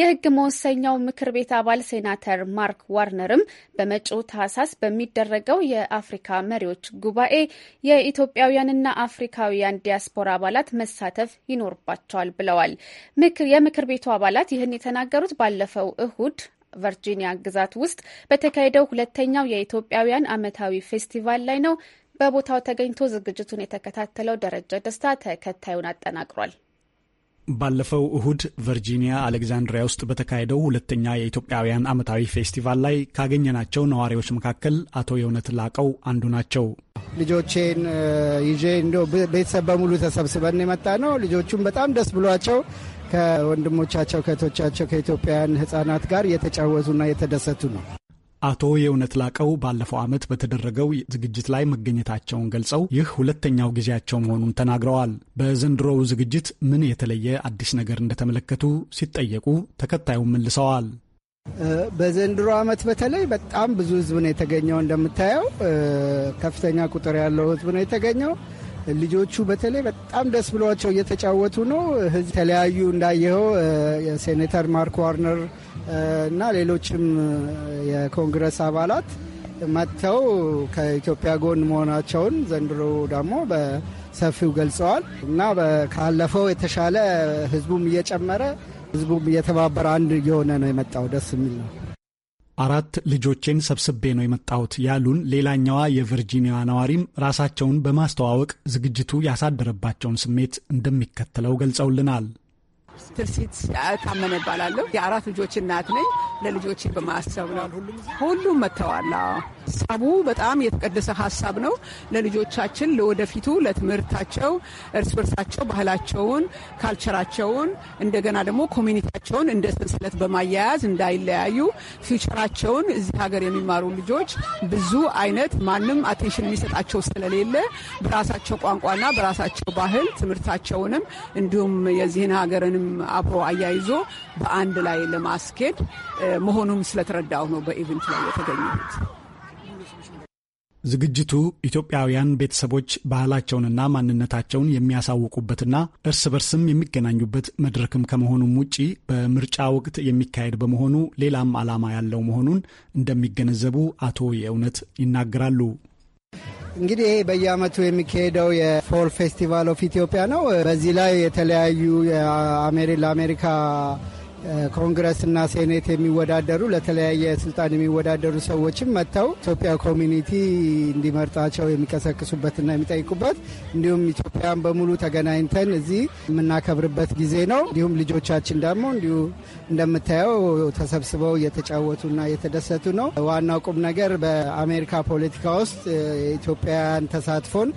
የህግ መወሰኛው ምክር ቤት አባል ሴናተር ማርክ ዋርነርም በመጪው ታህሳስ በሚደረገው የአፍሪካ መሪዎች ጉባኤ የኢትዮጵያውያንና አፍሪካውያን ዲያስፖራ አባላት መሳተፍ ይኖርባቸዋል ብለዋል። የምክር ቤቱ አባላት ይህን የተናገሩት ባለፈው እሁድ ቨርጂኒያ ግዛት ውስጥ በተካሄደው ሁለተኛው የኢትዮጵያውያን ዓመታዊ ፌስቲቫል ላይ ነው። በቦታው ተገኝቶ ዝግጅቱን የተከታተለው ደረጀ ደስታ ተከታዩን አጠናቅሯል። ባለፈው እሁድ ቨርጂኒያ አሌግዛንድሪያ ውስጥ በተካሄደው ሁለተኛ የኢትዮጵያውያን ዓመታዊ ፌስቲቫል ላይ ካገኘናቸው ነዋሪዎች መካከል አቶ የእውነት ላቀው አንዱ ናቸው። ልጆቼን ይዤ እንዲ ቤተሰብ በሙሉ ተሰብስበን የመጣ ነው። ልጆቹም በጣም ደስ ብሏቸው ከወንድሞቻቸው ከእህቶቻቸው ከኢትዮጵያውያን ህጻናት ጋር የተጫወቱና የተደሰቱ ነው። አቶ የእውነት ላቀው ባለፈው ዓመት በተደረገው ዝግጅት ላይ መገኘታቸውን ገልጸው ይህ ሁለተኛው ጊዜያቸው መሆኑን ተናግረዋል። በዘንድሮው ዝግጅት ምን የተለየ አዲስ ነገር እንደተመለከቱ ሲጠየቁ ተከታዩን መልሰዋል። በዘንድሮ ዓመት በተለይ በጣም ብዙ ህዝብ ነው የተገኘው። እንደምታየው ከፍተኛ ቁጥር ያለው ህዝብ ነው የተገኘው። ልጆቹ በተለይ በጣም ደስ ብሏቸው እየተጫወቱ ነው። የተለያዩ እንዳየኸው የሴኔተር ማርክ ዋርነር እና ሌሎችም የኮንግረስ አባላት መጥተው ከኢትዮጵያ ጎን መሆናቸውን ዘንድሮ ደግሞ በሰፊው ገልጸዋል እና ካለፈው የተሻለ ህዝቡም እየጨመረ ህዝቡም እየተባበረ አንድ እየሆነ ነው የመጣው። ደስ የሚል ነው። አራት ልጆቼን ሰብስቤ ነው የመጣሁት ያሉን ሌላኛዋ የቨርጂኒያ ነዋሪም ራሳቸውን በማስተዋወቅ ዝግጅቱ ያሳደረባቸውን ስሜት እንደሚከተለው ገልጸውልናል። ትርሲት ታመነ እባላለሁ። የአራት ልጆች እናት ነኝ። ለልጆች በማሰብ ነው ሁሉም መጥተዋል። ሀሳቡ በጣም የተቀደሰ ሀሳብ ነው። ለልጆቻችን ለወደፊቱ ለትምህርታቸው፣ እርስ በርሳቸው ባህላቸውን፣ ካልቸራቸውን እንደገና ደግሞ ኮሚኒቲያቸውን እንደ ሰንሰለት በማያያዝ እንዳይለያዩ ፊውቸራቸውን እዚህ ሀገር የሚማሩ ልጆች ብዙ አይነት ማንም አቴንሽን የሚሰጣቸው ስለሌለ በራሳቸው ቋንቋና በራሳቸው ባህል ትምህርታቸውንም እንዲሁም የዚህን ሀገርንም አብሮ አያይዞ በአንድ ላይ ለማስኬድ መሆኑን ስለተረዳሁ ነው በኢቨንት ላይ የተገኘሁት። ዝግጅቱ ኢትዮጵያውያን ቤተሰቦች ባህላቸውንና ማንነታቸውን የሚያሳውቁበትና እርስ በርስም የሚገናኙበት መድረክም ከመሆኑም ውጪ በምርጫ ወቅት የሚካሄድ በመሆኑ ሌላም ዓላማ ያለው መሆኑን እንደሚገነዘቡ አቶ የእውነት ይናገራሉ። እንግዲህ ይሄ በየአመቱ የሚካሄደው የፎል ፌስቲቫል ኦፍ ኢትዮጵያ ነው። በዚህ ላይ የተለያዩ ለአሜሪካ እና ሴኔት የሚወዳደሩ ለተለያየ ስልጣን የሚወዳደሩ ሰዎችም መጥተው ኢትዮጵያ ኮሚኒቲ እንዲመርጣቸው የሚቀሰቅሱበትና የሚጠይቁበት እንዲሁም ኢትዮጵያን በሙሉ ተገናኝተን እዚህ የምናከብርበት ጊዜ ነው። እንዲሁም ልጆቻችን ደግሞ እንዲሁ እንደምታየው ተሰብስበው እየተጫወቱና እየተደሰቱ ነው። ዋናው ቁም ነገር በአሜሪካ ፖለቲካ ውስጥ የኢትዮጵያን ተሳትፎን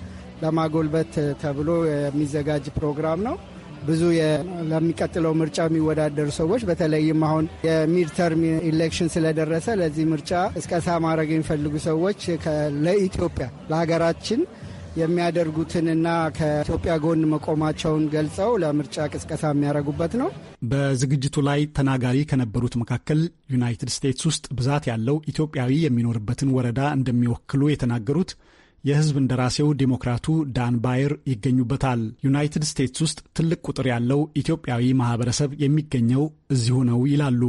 ለማጎልበት ተብሎ የሚዘጋጅ ፕሮግራም ነው። ብዙ ለሚቀጥለው ምርጫ የሚወዳደሩ ሰዎች በተለይም አሁን የሚድተርም ኢሌክሽን ስለደረሰ ለዚህ ምርጫ እስቀሳ ማድረግ የሚፈልጉ ሰዎች ለኢትዮጵያ ለሀገራችን የሚያደርጉትንና ከኢትዮጵያ ጎን መቆማቸውን ገልጸው ለምርጫ ቅስቀሳ የሚያደርጉበት ነው። በዝግጅቱ ላይ ተናጋሪ ከነበሩት መካከል ዩናይትድ ስቴትስ ውስጥ ብዛት ያለው ኢትዮጵያዊ የሚኖርበትን ወረዳ እንደሚወክሉ የተናገሩት የህዝብ እንደራሴው ዴሞክራቱ ዳን ባየር ይገኙበታል። ዩናይትድ ስቴትስ ውስጥ ትልቅ ቁጥር ያለው ኢትዮጵያዊ ማህበረሰብ የሚገኘው እዚሁ ነው ይላሉ።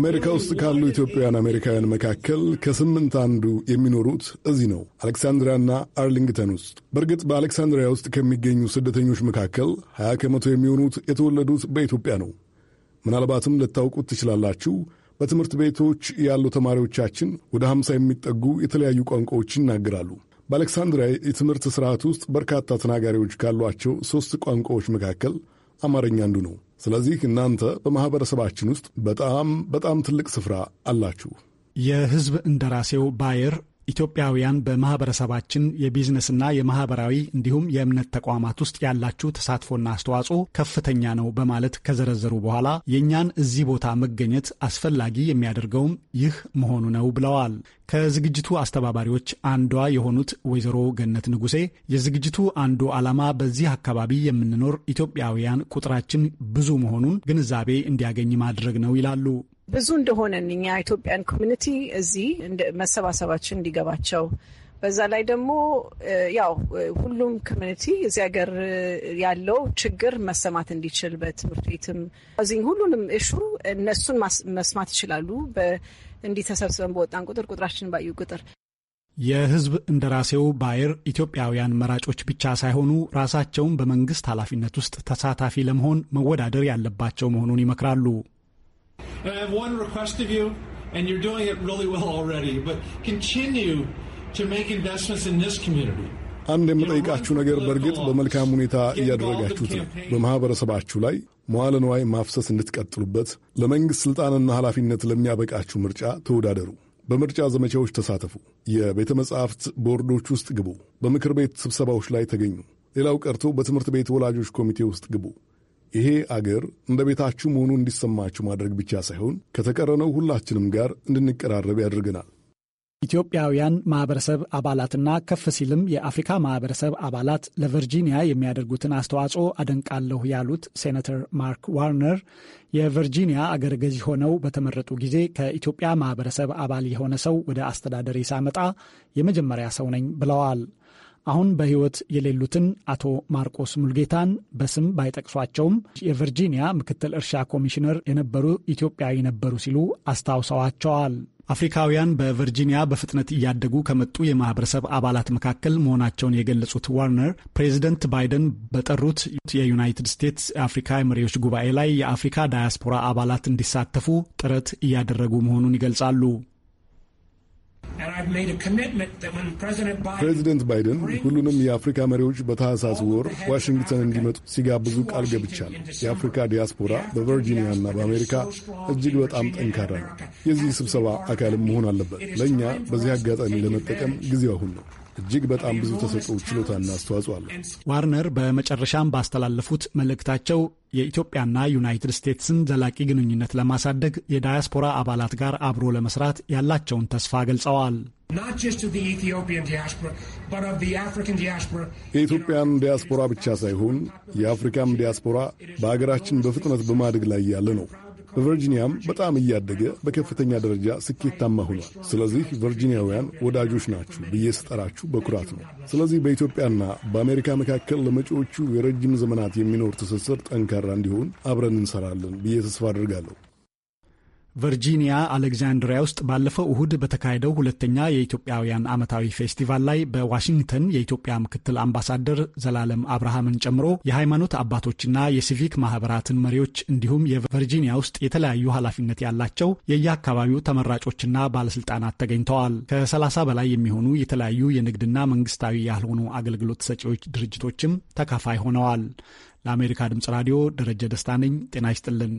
አሜሪካ ውስጥ ካሉ ኢትዮጵያውያን አሜሪካውያን መካከል ከስምንት አንዱ የሚኖሩት እዚህ ነው፣ አሌክሳንድሪያና አርሊንግተን ውስጥ። በእርግጥ በአሌክሳንድሪያ ውስጥ ከሚገኙ ስደተኞች መካከል ሀያ ከመቶ የሚሆኑት የተወለዱት በኢትዮጵያ ነው። ምናልባትም ልታውቁት ትችላላችሁ በትምህርት ቤቶች ያሉ ተማሪዎቻችን ወደ ሀምሳ የሚጠጉ የተለያዩ ቋንቋዎች ይናገራሉ። በአሌክሳንድሪያ የትምህርት ስርዓት ውስጥ በርካታ ተናጋሪዎች ካሏቸው ሦስት ቋንቋዎች መካከል አማርኛ አንዱ ነው። ስለዚህ እናንተ በማኅበረሰባችን ውስጥ በጣም በጣም ትልቅ ስፍራ አላችሁ። የሕዝብ እንደራሴው ባየር ኢትዮጵያውያን በማህበረሰባችን የቢዝነስና የማህበራዊ እንዲሁም የእምነት ተቋማት ውስጥ ያላችሁ ተሳትፎና አስተዋጽኦ ከፍተኛ ነው በማለት ከዘረዘሩ በኋላ የእኛን እዚህ ቦታ መገኘት አስፈላጊ የሚያደርገውም ይህ መሆኑ ነው ብለዋል። ከዝግጅቱ አስተባባሪዎች አንዷ የሆኑት ወይዘሮ ገነት ንጉሴ የዝግጅቱ አንዱ ዓላማ በዚህ አካባቢ የምንኖር ኢትዮጵያውያን ቁጥራችን ብዙ መሆኑን ግንዛቤ እንዲያገኝ ማድረግ ነው ይላሉ። ብዙ እንደሆነን እኛ ኢትዮጵያን ኮሚኒቲ እዚህ መሰባሰባችን እንዲገባቸው በዛ ላይ ደግሞ ያው ሁሉም ኮሚኒቲ እዚ ሀገር ያለው ችግር መሰማት እንዲችል በትምህርት ቤትም እዚህ ሁሉንም እሹ እነሱን መስማት ይችላሉ። እንዲተሰብስበን በወጣን ቁጥር ቁጥራችን ባዩ ቁጥር የህዝብ እንደራሴው ባየር ኢትዮጵያውያን መራጮች ብቻ ሳይሆኑ ራሳቸውን በመንግስት ኃላፊነት ውስጥ ተሳታፊ ለመሆን መወዳደር ያለባቸው መሆኑን ይመክራሉ። And I have one request of you, and you're doing it really well already, but continue to make investments in this community. አንድ የምጠይቃችሁ ነገር በእርግጥ በመልካም ሁኔታ እያደረጋችሁት ነው። በማኅበረሰባችሁ ላይ መዋለ ንዋይ ማፍሰስ እንድትቀጥሉበት፣ ለመንግሥት ሥልጣንና ኃላፊነት ለሚያበቃችሁ ምርጫ ተወዳደሩ። በምርጫ ዘመቻዎች ተሳተፉ። የቤተ መጻሕፍት ቦርዶች ውስጥ ግቡ። በምክር ቤት ስብሰባዎች ላይ ተገኙ። ሌላው ቀርቶ በትምህርት ቤት ወላጆች ኮሚቴ ውስጥ ግቡ። ይሄ አገር እንደ ቤታችሁ መሆኑ እንዲሰማችሁ ማድረግ ብቻ ሳይሆን ከተቀረነው ሁላችንም ጋር እንድንቀራረብ ያደርገናል። ኢትዮጵያውያን ማህበረሰብ አባላትና ከፍ ሲልም የአፍሪካ ማህበረሰብ አባላት ለቨርጂኒያ የሚያደርጉትን አስተዋጽኦ አደንቃለሁ ያሉት ሴናተር ማርክ ዋርነር የቨርጂኒያ አገረ ገዢ ሆነው በተመረጡ ጊዜ ከኢትዮጵያ ማህበረሰብ አባል የሆነ ሰው ወደ አስተዳደር ሳመጣ የመጀመሪያ ሰው ነኝ ብለዋል። አሁን በሕይወት የሌሉትን አቶ ማርቆስ ሙልጌታን በስም ባይጠቅሷቸውም የቨርጂኒያ ምክትል እርሻ ኮሚሽነር የነበሩ ኢትዮጵያዊ ነበሩ ሲሉ አስታውሰዋቸዋል። አፍሪካውያን በቨርጂኒያ በፍጥነት እያደጉ ከመጡ የማህበረሰብ አባላት መካከል መሆናቸውን የገለጹት ዋርነር ፕሬዚደንት ባይደን በጠሩት የዩናይትድ ስቴትስ የአፍሪካ መሪዎች ጉባኤ ላይ የአፍሪካ ዳያስፖራ አባላት እንዲሳተፉ ጥረት እያደረጉ መሆኑን ይገልጻሉ። ፕሬዚደንት ባይደን ሁሉንም የአፍሪካ መሪዎች በታህሳስ ወር ዋሽንግተን እንዲመጡ ሲጋብዙ ቃል ገብቻል። የአፍሪካ ዲያስፖራ በቨርጂኒያና በአሜሪካ እጅግ በጣም ጠንካራ ነው። የዚህ ስብሰባ አካልም መሆን አለበት። ለእኛ በዚህ አጋጣሚ ለመጠቀም ጊዜው አሁን ነው። እጅግ በጣም ብዙ ተሰጥኦ ችሎታና አስተዋጽኦ አለ። ዋርነር በመጨረሻም ባስተላለፉት መልእክታቸው የኢትዮጵያና ዩናይትድ ስቴትስን ዘላቂ ግንኙነት ለማሳደግ የዳያስፖራ አባላት ጋር አብሮ ለመስራት ያላቸውን ተስፋ ገልጸዋል። የኢትዮጵያን ዲያስፖራ ብቻ ሳይሆን የአፍሪካም ዲያስፖራ በሀገራችን በፍጥነት በማደግ ላይ ያለ ነው። በቨርጂኒያም በጣም እያደገ በከፍተኛ ደረጃ ስኬታማ ሆኗል። ስለዚህ ቨርጂኒያውያን ወዳጆች ናችሁ ብዬ ስጠራችሁ በኩራት ነው። ስለዚህ በኢትዮጵያና በአሜሪካ መካከል ለመጪዎቹ የረጅም ዘመናት የሚኖር ትስስር ጠንካራ እንዲሆን አብረን እንሰራለን ብዬ ተስፋ አድርጋለሁ። ቨርጂኒያ አሌግዛንድሪያ ውስጥ ባለፈው እሁድ በተካሄደው ሁለተኛ የኢትዮጵያውያን ዓመታዊ ፌስቲቫል ላይ በዋሽንግተን የኢትዮጵያ ምክትል አምባሳደር ዘላለም አብርሃምን ጨምሮ የሃይማኖት አባቶችና የሲቪክ ማህበራትን መሪዎች እንዲሁም የቨርጂኒያ ውስጥ የተለያዩ ኃላፊነት ያላቸው የየአካባቢው ተመራጮችና ባለስልጣናት ተገኝተዋል። ከ30 በላይ የሚሆኑ የተለያዩ የንግድና መንግስታዊ ያልሆኑ አገልግሎት ሰጪዎች ድርጅቶችም ተካፋይ ሆነዋል። ለአሜሪካ ድምጽ ራዲዮ ደረጀ ደስታ ነኝ። ጤና ይስጥልን።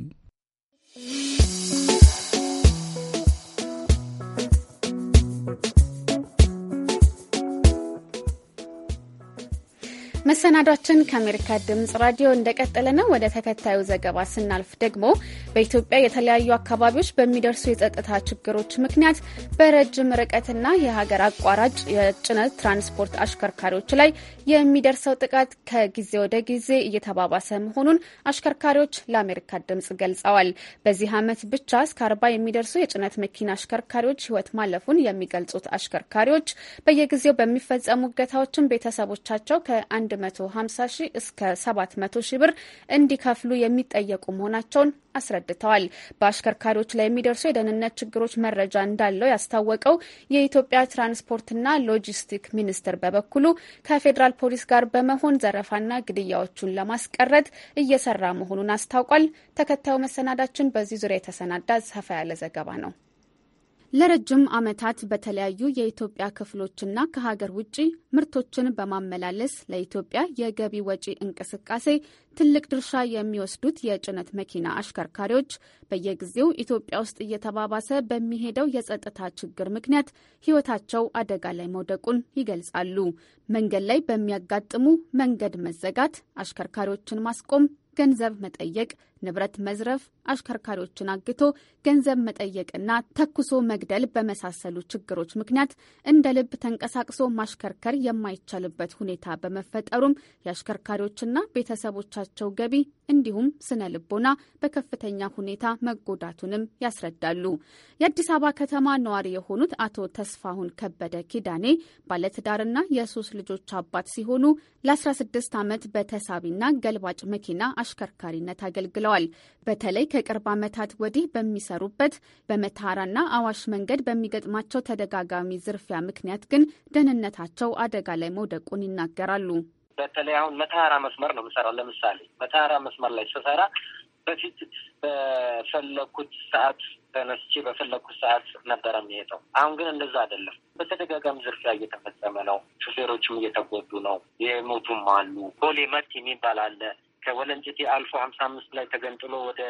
መሰናዷችን ከአሜሪካ ድምጽ ራዲዮ እንደቀጠለ ነው። ወደ ተከታዩ ዘገባ ስናልፍ ደግሞ በኢትዮጵያ የተለያዩ አካባቢዎች በሚደርሱ የጸጥታ ችግሮች ምክንያት በረጅም ርቀትና የሀገር አቋራጭ የጭነት ትራንስፖርት አሽከርካሪዎች ላይ የሚደርሰው ጥቃት ከጊዜ ወደ ጊዜ እየተባባሰ መሆኑን አሽከርካሪዎች ለአሜሪካ ድምጽ ገልጸዋል። በዚህ ዓመት ብቻ እስከ አርባ የሚደርሱ የጭነት መኪና አሽከርካሪዎች ህይወት ማለፉን የሚገልጹት አሽከርካሪዎች በየጊዜው በሚፈጸሙ እገታዎችን ቤተሰቦቻቸው ከአንድ 150 ሺህ እስከ 700 ሺህ ብር እንዲከፍሉ የሚጠየቁ መሆናቸውን አስረድተዋል። በአሽከርካሪዎች ላይ የሚደርሱ የደህንነት ችግሮች መረጃ እንዳለው ያስታወቀው የኢትዮጵያ ትራንስፖርትና ሎጂስቲክ ሚኒስቴር በበኩሉ ከፌዴራል ፖሊስ ጋር በመሆን ዘረፋና ግድያዎቹን ለማስቀረት እየሰራ መሆኑን አስታውቋል። ተከታዩ መሰናዳችን በዚህ ዙሪያ የተሰናዳ ሰፋ ያለ ዘገባ ነው። ለረጅም ዓመታት በተለያዩ የኢትዮጵያ ክፍሎችና ከሀገር ውጭ ምርቶችን በማመላለስ ለኢትዮጵያ የገቢ ወጪ እንቅስቃሴ ትልቅ ድርሻ የሚወስዱት የጭነት መኪና አሽከርካሪዎች በየጊዜው ኢትዮጵያ ውስጥ እየተባባሰ በሚሄደው የጸጥታ ችግር ምክንያት ሕይወታቸው አደጋ ላይ መውደቁን ይገልጻሉ። መንገድ ላይ በሚያጋጥሙ መንገድ መዘጋት፣ አሽከርካሪዎችን ማስቆም፣ ገንዘብ መጠየቅ ንብረት መዝረፍ፣ አሽከርካሪዎችን አግቶ ገንዘብ መጠየቅና ተኩሶ መግደል በመሳሰሉ ችግሮች ምክንያት እንደ ልብ ተንቀሳቅሶ ማሽከርከር የማይቻልበት ሁኔታ በመፈጠሩም የአሽከርካሪዎችና ቤተሰቦቻቸው ገቢ እንዲሁም ስነ ልቦና በከፍተኛ ሁኔታ መጎዳቱንም ያስረዳሉ። የአዲስ አበባ ከተማ ነዋሪ የሆኑት አቶ ተስፋሁን ከበደ ኪዳኔ ባለትዳርና የሶስት ልጆች አባት ሲሆኑ ለ16 ዓመት በተሳቢና ገልባጭ መኪና አሽከርካሪነት አገልግለዋል። ብለዋል። በተለይ ከቅርብ ዓመታት ወዲህ በሚሰሩበት በመተሃራና አዋሽ መንገድ በሚገጥማቸው ተደጋጋሚ ዝርፊያ ምክንያት ግን ደህንነታቸው አደጋ ላይ መውደቁን ይናገራሉ። በተለይ አሁን መተሃራ መስመር ነው የምሰራው። ለምሳሌ መተሃራ መስመር ላይ ስሰራ በፊት በፈለኩት ሰዓት ተነስቼ በፈለኩት ሰዓት ነበረ የሚሄጠው። አሁን ግን እንደዛ አይደለም። በተደጋጋሚ ዝርፊያ እየተፈጸመ ነው። ሹፌሮችም እየተጎዱ ነው። የሞቱም አሉ። ቦሌ መት የሚባል አለ። ከወለንጭቴ አልፎ ሀምሳ አምስት ላይ ተገንጥሎ ወደ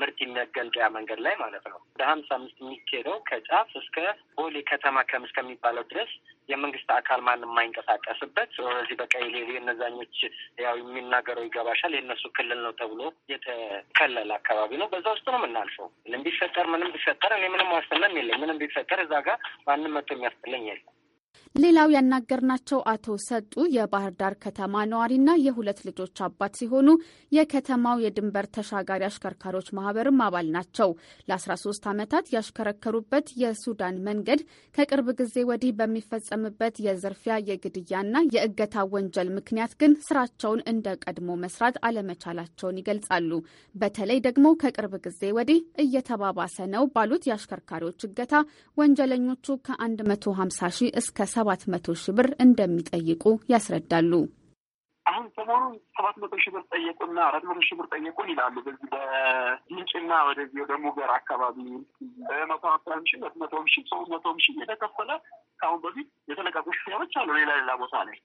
ምርት መገንጠያ መንገድ ላይ ማለት ነው። ወደ ሀምሳ አምስት የሚካሄደው ከጫፍ እስከ ቦሌ ከተማ ከም እስከሚባለው ድረስ የመንግስት አካል ማንም የማይንቀሳቀስበት በዚህ በቀይ ሌሊ የነዛኞች ያው የሚናገረው ይገባሻል የእነሱ ክልል ነው ተብሎ የተከለለ አካባቢ ነው። በዛ ውስጥ ነው የምናልፈው። ምንም ቢፈጠር ምንም ቢፈጠር እኔ ምንም ዋስትናም የለኝ። ምንም ቢፈጠር እዛ ጋር ማንም መቶ የሚያስጥለኝ የለም። ሌላው ያናገርናቸው አቶ ሰጡ የባህር ዳር ከተማ ነዋሪና የሁለት ልጆች አባት ሲሆኑ የከተማው የድንበር ተሻጋሪ አሽከርካሪዎች ማህበርም አባል ናቸው። ለ13 ዓመታት ያሽከረከሩበት የሱዳን መንገድ ከቅርብ ጊዜ ወዲህ በሚፈጸምበት የዝርፊያ የግድያና የእገታ ወንጀል ምክንያት ግን ስራቸውን እንደ ቀድሞ መስራት አለመቻላቸውን ይገልጻሉ። በተለይ ደግሞ ከቅርብ ጊዜ ወዲህ እየተባባሰ ነው ባሉት የአሽከርካሪዎች እገታ ወንጀለኞቹ ከ150 ሺህ እስከ ሰባት መቶ ሺህ ብር እንደሚጠይቁ ያስረዳሉ። አሁን ሰሞኑን ሰባት መቶ ሺህ ብር ጠየቁና አራት መቶ ሺህ ብር ጠየቁን ይላሉ። በዚህ በምንጭና ወደዚህ ወደ ሙገር አካባቢ መቶ ሀምሳ ሺህ ሁለት መቶ ሺህ ሶስት መቶ ሺህ እየተከፈለ ከአሁን በፊት የተለቀቁ ሽያዎች አሉ ሌላ ሌላ ቦታ ላይ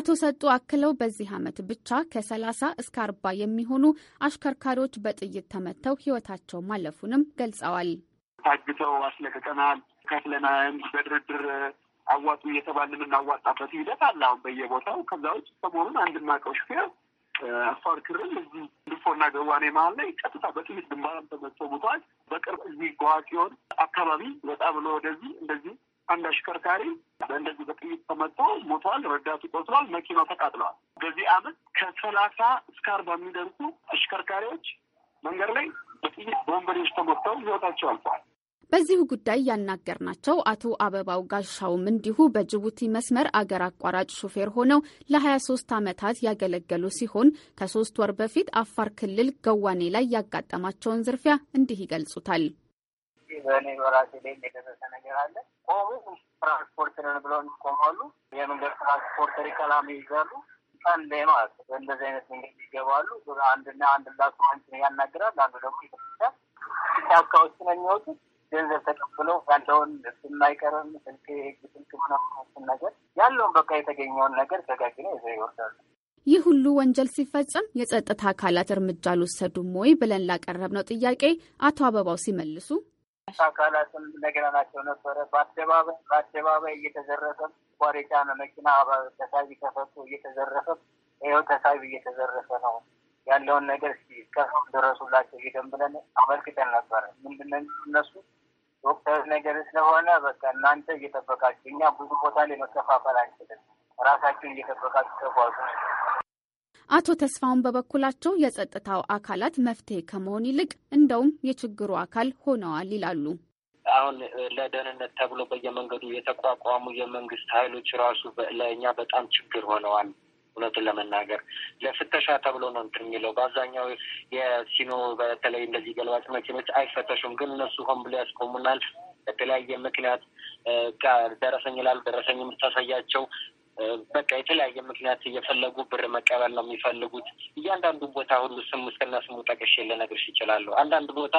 አቶ ሰጡ አክለው በዚህ ዓመት ብቻ ከ30 እስከ 40 የሚሆኑ አሽከርካሪዎች በጥይት ተመተው ሕይወታቸው ማለፉንም ገልጸዋል። ታግተው አስለቅቀናል፣ ከፍለናል፣ በድርድር አዋጡ እየተባለ የምናዋጣበት ሂደት አለ አሁን በየቦታው። ከዛ ውጭ ሰሞኑን አንድ ማቀው ሹፌር አፋር ክልል እዚህ ድፎና ገዋኔ መሀል ላይ ቀጥታ በጥይት ግንባራም ተመቶ ሙቷል። በቅርብ እዚህ ጎሃጽዮን አካባቢ በጣም ብሎ ወደዚህ እንደዚህ አንድ አሽከርካሪ እንደዚህ በጥይት ተመቶ ሞቷል። ረዳቱ ቆስሏል። መኪናው ተቃጥለዋል። በዚህ አመት ከሰላሳ እስከ አርባ የሚደርሱ አሽከርካሪዎች መንገድ ላይ በጥይት ቦምበሬዎች ተመተው ህይወታቸው አልፈዋል። በዚሁ ጉዳይ ያናገርናቸው አቶ አበባው ጋሻውም እንዲሁ በጅቡቲ መስመር አገር አቋራጭ ሾፌር ሆነው ለ23 ዓመታት ያገለገሉ ሲሆን ከሶስት ወር በፊት አፋር ክልል ገዋኔ ላይ ያጋጠማቸውን ዝርፊያ እንዲህ ይገልጹታል። በእኔ በራሴ ላይ የደረሰ ነገር አለ። ቆሙ ትራንስፖርተርን ብለው ቆማሉ። የመንገድ ትራንስፖርት ሪከላም ይይዛሉ። ቀን ማለት በእንደዚህ አይነት መንገድ ይገባሉ። አንድና አንድ ላሱ አንድ ያናግራል፣ አንዱ ደግሞ ይደርሳል። ጫካ ነው የሚወጡት ገንዘብ ተቀብለው ያለውን እሱም አይቀርም ስልክ የእጅ ስልክ ምናምን ነገር ያለውን በቃ የተገኘውን ነገር ዘጋግነው ይዘው ይወርዳሉ። ይህ ሁሉ ወንጀል ሲፈጽም የጸጥታ አካላት እርምጃ አልወሰዱም ወይ ብለን ላቀረብነው ጥያቄ አቶ አበባው ሲመልሱ አካላትም እንደገና ናቸው ነበረ በአደባባይ በአደባባይ እየተዘረፈ ኳር መኪና ተሳቢ ተፈቶ እየተዘረፈ ይኸው ተሳቢ እየተዘረፈ ነው ያለውን ነገር እስኪ ድረሱላቸው እየደንብለን አመልክተን ነበረ። ምንድነ እነሱ ዶክተር ነገር ስለሆነ በቃ እናንተ እየጠበቃችሁ እኛ ብዙ ቦታ ላይ መከፋፈል አንችልም። ራሳችሁን እየጠበቃችሁ ተጓዙ። አቶ ተስፋውን በበኩላቸው የጸጥታው አካላት መፍትሄ ከመሆን ይልቅ እንደውም የችግሩ አካል ሆነዋል ይላሉ። አሁን ለደህንነት ተብሎ በየመንገዱ የተቋቋሙ የመንግስት ኃይሎች ራሱ ለእኛ በጣም ችግር ሆነዋል። እውነቱን ለመናገር ለፍተሻ ተብሎ ነው እንትን የሚለው በአብዛኛው የሲኖ በተለይ እንደዚህ ገልባጭ መኪኖች አይፈተሹም። ግን እነሱ ሆን ብሎ ያስቆሙናል። በተለያየ ምክንያት ደረሰኝ ይላሉ። ደረሰኝ የምታሳያቸው በቃ የተለያየ ምክንያት እየፈለጉ ብር መቀበል ነው የሚፈልጉት። እያንዳንዱ ቦታ ሁሉ ስም እስከና ስሙ ጠቅሼ ልነግርሽ ይችላሉ። አንዳንድ ቦታ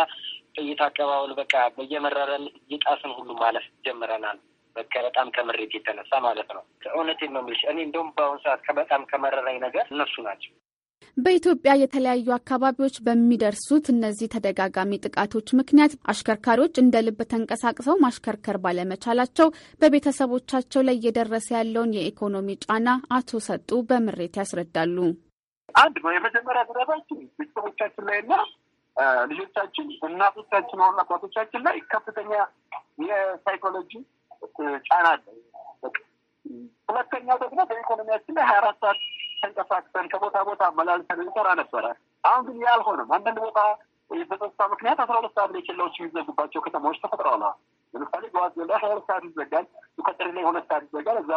ጥይት አቀባበል በቃ እየመረረን ይጣስን ሁሉ ማለፍ ጀምረናል። በቃ በጣም ከምሬት የተነሳ ማለት ነው። ከእውነት ነው የምልሽ። እኔ እንደውም በአሁኑ ሰዓት በጣም ከመረራኝ ነገር እነሱ ናቸው። በኢትዮጵያ የተለያዩ አካባቢዎች በሚደርሱት እነዚህ ተደጋጋሚ ጥቃቶች ምክንያት አሽከርካሪዎች እንደ ልብ ተንቀሳቅሰው ማሽከርከር ባለመቻላቸው በቤተሰቦቻቸው ላይ እየደረሰ ያለውን የኢኮኖሚ ጫና አቶ ሰጡ በምሬት ያስረዳሉ። አንድ ነው የመጀመሪያ ጉዳታችን ቤተሰቦቻችን ላይ እና ልጆቻችን፣ እናቶቻችን፣ አሁን አባቶቻችን ላይ ከፍተኛ የሳይኮሎጂ ጫና አለ። ሁለተኛው ደግሞ በኢኮኖሚያችን ላይ ሀያ አራት ሰዓት ተንቀሳቅሰን ከቦታ ቦታ መላልሰን እንሰራ ነበረ። አሁን ግን ያልሆነም አንዳንድ ቦታ በጸጥታ ምክንያት አስራ ሁለት ሰዓት ላይ ኬላዎች የሚዘጉባቸው ከተማዎች ተፈጥረዋል። ለምሳሌ በዋዝ ላይ ሀያ ሁለት ሰዓት ይዘጋል፣ ቀጠሪ ላይ የሆነ ሰዓት ይዘጋል። እዛ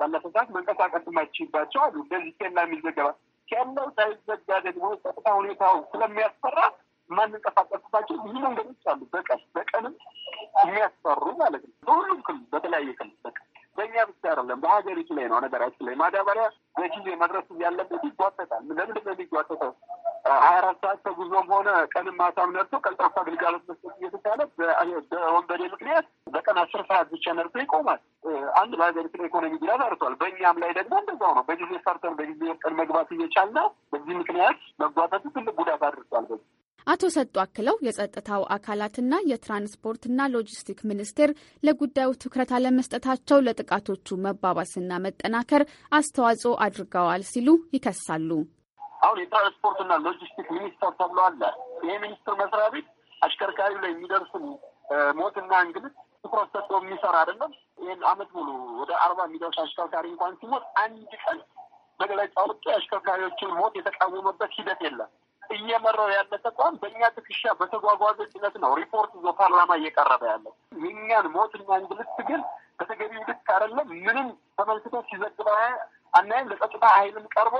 ባለፈ ሰዓት መንቀሳቀስ የማይችልባቸው አሉ። እንደዚህ ኬላ የሚዘገባ ኬላው ሳይዘጋ ደግሞ ጸጥታ ሁኔታው ስለሚያስፈራ የማንንቀሳቀስባቸው ብዙ መንገዶች አሉ። በቀን በቀንም የሚያስፈሩ ማለት ነው። በሁሉም ክልል በተለያየ ክልል በቀን በእኛ ብቻ አይደለም፣ በሀገሪቱ ላይ ነው። ነገራችን ላይ ማዳበሪያ በጊዜ መድረስ ያለበት ይጓተታል። ለምንድን ነው የሚጓተተው? ሀያ አራት ሰዓት ተጉዞም ሆነ ቀንም ማታም ነርቶ ቀልጣፋ ግልጋሎት መስጠት እየተቻለ በወንበዴ ምክንያት በቀን አስር ሰዓት ብቻ ነርቶ ይቆማል። አንድ በሀገሪቱ ኢኮኖሚ ጉዳት አርቷል። በእኛም ላይ ደግሞ እንደዛው ነው። በጊዜ ሰርተን በጊዜ ቀን መግባት እየቻልና በዚህ ምክንያት መጓተቱ ትልቅ ጉዳት አድርሷል። በዚህ አቶ ሰጡ አክለው የጸጥታው አካላትና የትራንስፖርትና ሎጂስቲክ ሚኒስቴር ለጉዳዩ ትኩረት አለመስጠታቸው ለጥቃቶቹ መባባስና መጠናከር አስተዋጽኦ አድርገዋል ሲሉ ይከሳሉ። አሁን የትራንስፖርትና ሎጂስቲክ ሚኒስቴር ተብሎ አለ። ይሄ ሚኒስቴር መስሪያ ቤት አሽከርካሪው ላይ የሚደርስን ሞትና እንግልት ትኩረት ሰጥቶ የሚሰራ አይደለም። ይህን አመት ሙሉ ወደ አርባ የሚደርስ አሽከርካሪ እንኳን ሲሞት አንድ ቀን መግለጫ ወጥቶ የአሽከርካሪዎችን ሞት የተቃወመበት ሂደት የለም። እየመራው ያለ ተቋም በእኛ ትከሻ በተጓጓዘ ጭነት ነው ሪፖርት ዞ ፓርላማ እየቀረበ ያለው። የእኛን ሞትና እንግልት ግን በተገቢው ልክ አይደለም ምንም ተመልክቶ ሲዘግባ አናይም። ለጸጥታ ኃይልም ቀርቦ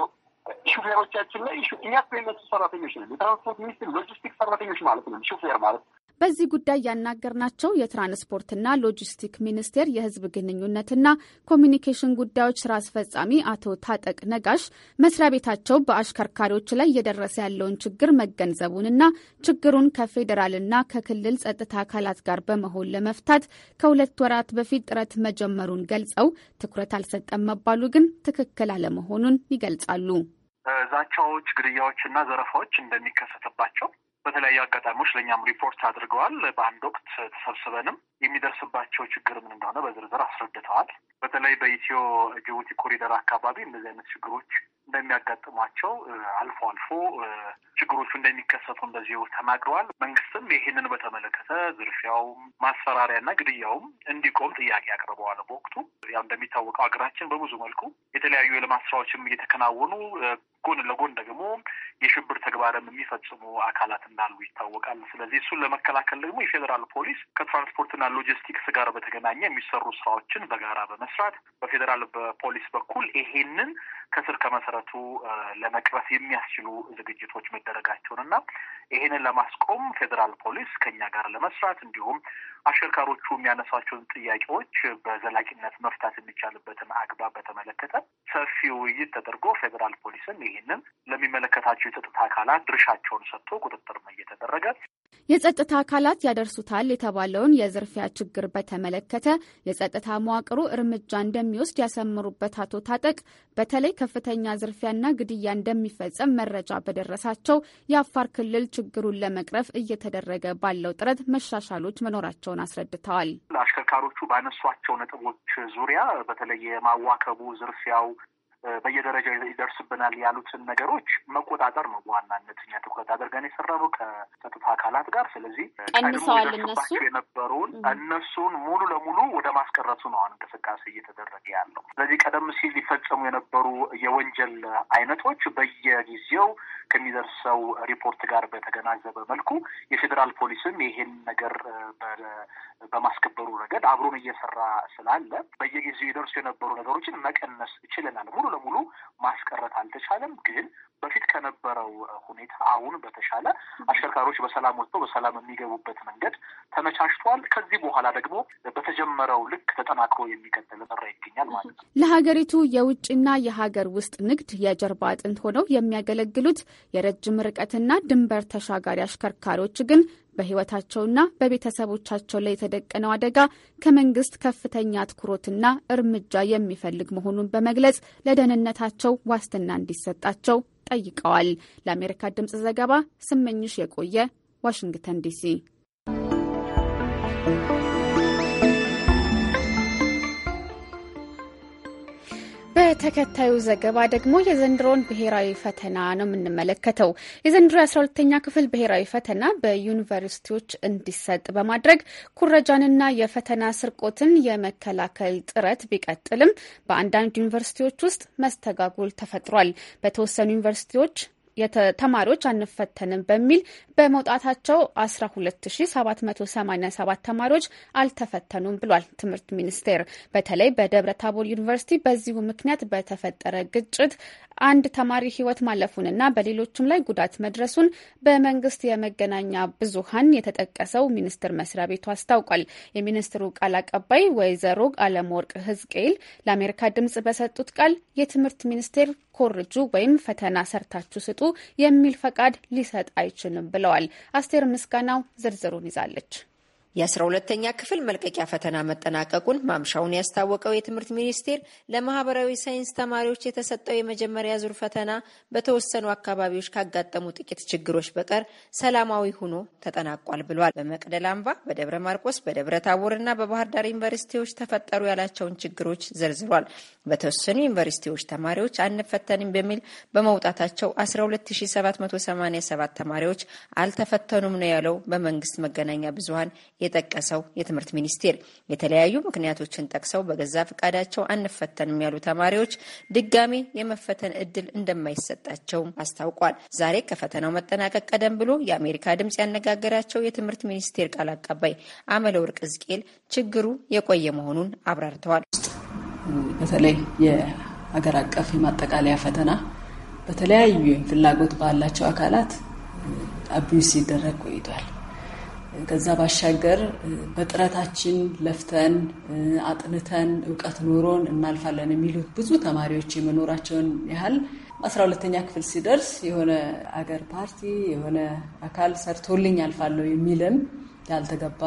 ሹፌሮቻችን ላይ እኛ እኮ የነሱ ሰራተኞች ነን። የትራንስፖርት ሚኒስትር ሎጂስቲክስ ሰራተኞች ማለት ነን። ሹፌር ማለት ነው በዚህ ጉዳይ ያናገርናቸው የትራንስፖርትና ሎጂስቲክ ሚኒስቴር የህዝብ ግንኙነትና ኮሚኒኬሽን ጉዳዮች ስራ አስፈጻሚ አቶ ታጠቅ ነጋሽ መስሪያ ቤታቸው በአሽከርካሪዎች ላይ እየደረሰ ያለውን ችግር መገንዘቡንና ችግሩን ከፌዴራልና ከክልል ጸጥታ አካላት ጋር በመሆን ለመፍታት ከሁለት ወራት በፊት ጥረት መጀመሩን ገልጸው ትኩረት አልሰጠም መባሉ ግን ትክክል አለመሆኑን ይገልጻሉ። ዛቻዎች፣ ግድያዎች እና ዘረፋዎች እንደሚከሰትባቸው በተለያዩ አጋጣሚዎች ለእኛም ሪፖርት አድርገዋል። በአንድ ወቅት ተሰብስበንም የሚደርስባቸው ችግር ምን እንደሆነ በዝርዝር አስረድተዋል። በተለይ በኢትዮ ጅቡቲ ኮሪደር አካባቢ እንደዚህ አይነት ችግሮች እንደሚያጋጥሟቸው አልፎ አልፎ ችግሮቹ እንደሚከሰቱ እንደዚሁ ተናግረዋል። መንግስትም ይህንን በተመለከተ ዝርፊያውም ማስፈራሪያና ግድያውም እንዲቆም ጥያቄ አቅርበዋል። በወቅቱ ያው እንደሚታወቀው ሀገራችን በብዙ መልኩ የተለያዩ የልማት ስራዎችም እየተከናወኑ ጎን ለጎን ደግሞ የሽብር ተግባርም የሚፈጽሙ አካላት እንዳሉ ይታወቃል። ስለዚህ እሱን ለመከላከል ደግሞ የፌዴራል ፖሊስ ከትራንስፖርትና ሎጂስቲክስ ጋር በተገናኘ የሚሰሩ ስራዎችን በጋራ በመስራት በፌዴራል ፖሊስ በኩል ይሄንን ከስር ከመሰረቱ ለመቅረፍ የሚያስችሉ ዝግጅቶች መደረጋቸውን እና ይሄንን ለማስቆም ፌዴራል ፖሊስ ከኛ ጋር ለመስራት እንዲሁም አሽከርካሪዎቹ የሚያነሷቸውን ጥያቄዎች በዘላቂነት መፍታት የሚቻልበትን አግባብ በተመለከተ ሰፊ ውይይት ተደርጎ ፌዴራል ፖሊስም ይህንን ለሚመለከታቸው የጸጥታ አካላት ድርሻቸውን ሰጥቶ ቁጥጥር እየተደረገ የጸጥታ አካላት ያደርሱታል የተባለውን የዝርፊያ ችግር በተመለከተ የጸጥታ መዋቅሩ እርምጃ እንደሚወስድ ያሰምሩበት አቶ ታጠቅ በተለይ ከፍተኛ ዝርፊያና ግድያ እንደሚፈጸም መረጃ በደረሳቸው የአፋር ክልል ችግሩን ለመቅረፍ እየተደረገ ባለው ጥረት መሻሻሎች መኖራቸውን አስረድተዋል። አሽከርካሪዎቹ ባነሷቸው ነጥቦች ዙሪያ በተለይ የማዋከቡ፣ ዝርፊያው በየደረጃው ይደርስብናል ያሉትን ነገሮች መቆጣጠር ነው በዋናነት እኛ ትኩረት አድርገን የሰራነው ከጸጥታ አካላት ጋር። ስለዚህ ቀንሰዋል እነሱ የነበረውን እነሱን ሙሉ ለሙሉ ወደ ማስቀረቱ ነው አሁን እንቅስቃሴ እየተደረገ ያለው። ስለዚህ ቀደም ሲል ሊፈጸሙ የነበሩ የወንጀል አይነቶች በየጊዜው ከሚደርሰው ሪፖርት ጋር በተገናዘበ መልኩ የፌዴራል ፖሊስም ይሄን ነገር በማስከበሩ ረገድ አብሮን እየሰራ ስላለ በየጊዜው ይደርሱ የነበሩ ነገሮችን መቀነስ ችለናል ሙሉ ለሙሉ ማስቀረት አልተቻለም። ግን በፊት ከነበረው ሁኔታ አሁን በተሻለ አሽከርካሪዎች በሰላም ወጥተው በሰላም የሚገቡበት መንገድ ተመቻችቷል። ከዚህ በኋላ ደግሞ በተጀመረው ልክ ተጠናክሮ የሚቀጥል ጥራ ይገኛል ማለት ነው። ለሀገሪቱ የውጭና የሀገር ውስጥ ንግድ የጀርባ አጥንት ሆነው የሚያገለግሉት የረጅም ርቀትና ድንበር ተሻጋሪ አሽከርካሪዎች ግን በሕይወታቸውና በቤተሰቦቻቸው ላይ የተደቀነው አደጋ ከመንግስት ከፍተኛ አትኩሮትና እርምጃ የሚፈልግ መሆኑን በመግለጽ ለደህንነታቸው ዋስትና እንዲሰጣቸው ጠይቀዋል። ለአሜሪካ ድምፅ ዘገባ ስመኝሽ የቆየ ዋሽንግተን ዲሲ በተከታዩ ዘገባ ደግሞ የዘንድሮን ብሔራዊ ፈተና ነው የምንመለከተው። የዘንድሮ የአስራ ሁለተኛ ክፍል ብሔራዊ ፈተና በዩኒቨርሲቲዎች እንዲሰጥ በማድረግ ኩረጃንና የፈተና ስርቆትን የመከላከል ጥረት ቢቀጥልም በአንዳንድ ዩኒቨርሲቲዎች ውስጥ መስተጋጉል ተፈጥሯል። በተወሰኑ ዩኒቨርሲቲዎች ተማሪዎች አንፈተንም በሚል በመውጣታቸው 12787 ተማሪዎች አልተፈተኑም ብሏል ትምህርት ሚኒስቴር። በተለይ በደብረ ታቦር ዩኒቨርሲቲ በዚሁ ምክንያት በተፈጠረ ግጭት አንድ ተማሪ ሕይወት ማለፉንና በሌሎችም ላይ ጉዳት መድረሱን በመንግስት የመገናኛ ብዙሃን የተጠቀሰው ሚኒስቴር መስሪያ ቤቱ አስታውቋል። የሚኒስትሩ ቃል አቀባይ ወይዘሮ አለምወርቅ ህዝቅኤል ለአሜሪካ ድምጽ በሰጡት ቃል የትምህርት ሚኒስቴር ኮርጁ ወይም ፈተና ሰርታችሁ ስጡ የሚል ፈቃድ ሊሰጥ አይችልም ብለዋል። ብለዋል። አስቴር ምስጋናው ዝርዝሩን ይዛለች። የአስራ ሁለተኛ ክፍል መልቀቂያ ፈተና መጠናቀቁን ማምሻውን ያስታወቀው የትምህርት ሚኒስቴር ለማህበራዊ ሳይንስ ተማሪዎች የተሰጠው የመጀመሪያ ዙር ፈተና በተወሰኑ አካባቢዎች ካጋጠሙ ጥቂት ችግሮች በቀር ሰላማዊ ሆኖ ተጠናቋል ብሏል። በመቅደላ አምባ፣ በደብረ ማርቆስ፣ በደብረ ታቦር ና በባህር ዳር ዩኒቨርሲቲዎች ተፈጠሩ ያላቸውን ችግሮች ዘርዝሯል። በተወሰኑ ዩኒቨርሲቲዎች ተማሪዎች አንፈተንም በሚል በመውጣታቸው 12787 ተማሪዎች አልተፈተኑም ነው ያለው። በመንግስት መገናኛ ብዙሀን የጠቀሰው የትምህርት ሚኒስቴር የተለያዩ ምክንያቶችን ጠቅሰው በገዛ ፈቃዳቸው አንፈተንም ያሉ ተማሪዎች ድጋሜ የመፈተን እድል እንደማይሰጣቸው አስታውቋል። ዛሬ ከፈተናው መጠናቀቅ ቀደም ብሎ የአሜሪካ ድምጽ ያነጋገራቸው የትምህርት ሚኒስቴር ቃል አቀባይ ወርቅ ዝቅኤል ችግሩ የቆየ መሆኑን አብራርተዋል። በተለይ የሀገር አቀፍ የማጠቃለያ ፈተና በተለያዩ ፍላጎት ባላቸው አካላት አቢዩስ ሲደረግ ቆይቷል። ከዛ ባሻገር በጥረታችን ለፍተን አጥንተን እውቀት ኖሮን እናልፋለን የሚሉት ብዙ ተማሪዎች የመኖራቸውን ያህል አስራ ሁለተኛ ክፍል ሲደርስ የሆነ አገር ፓርቲ የሆነ አካል ሰርቶልኝ አልፋለሁ የሚልም ያልተገባ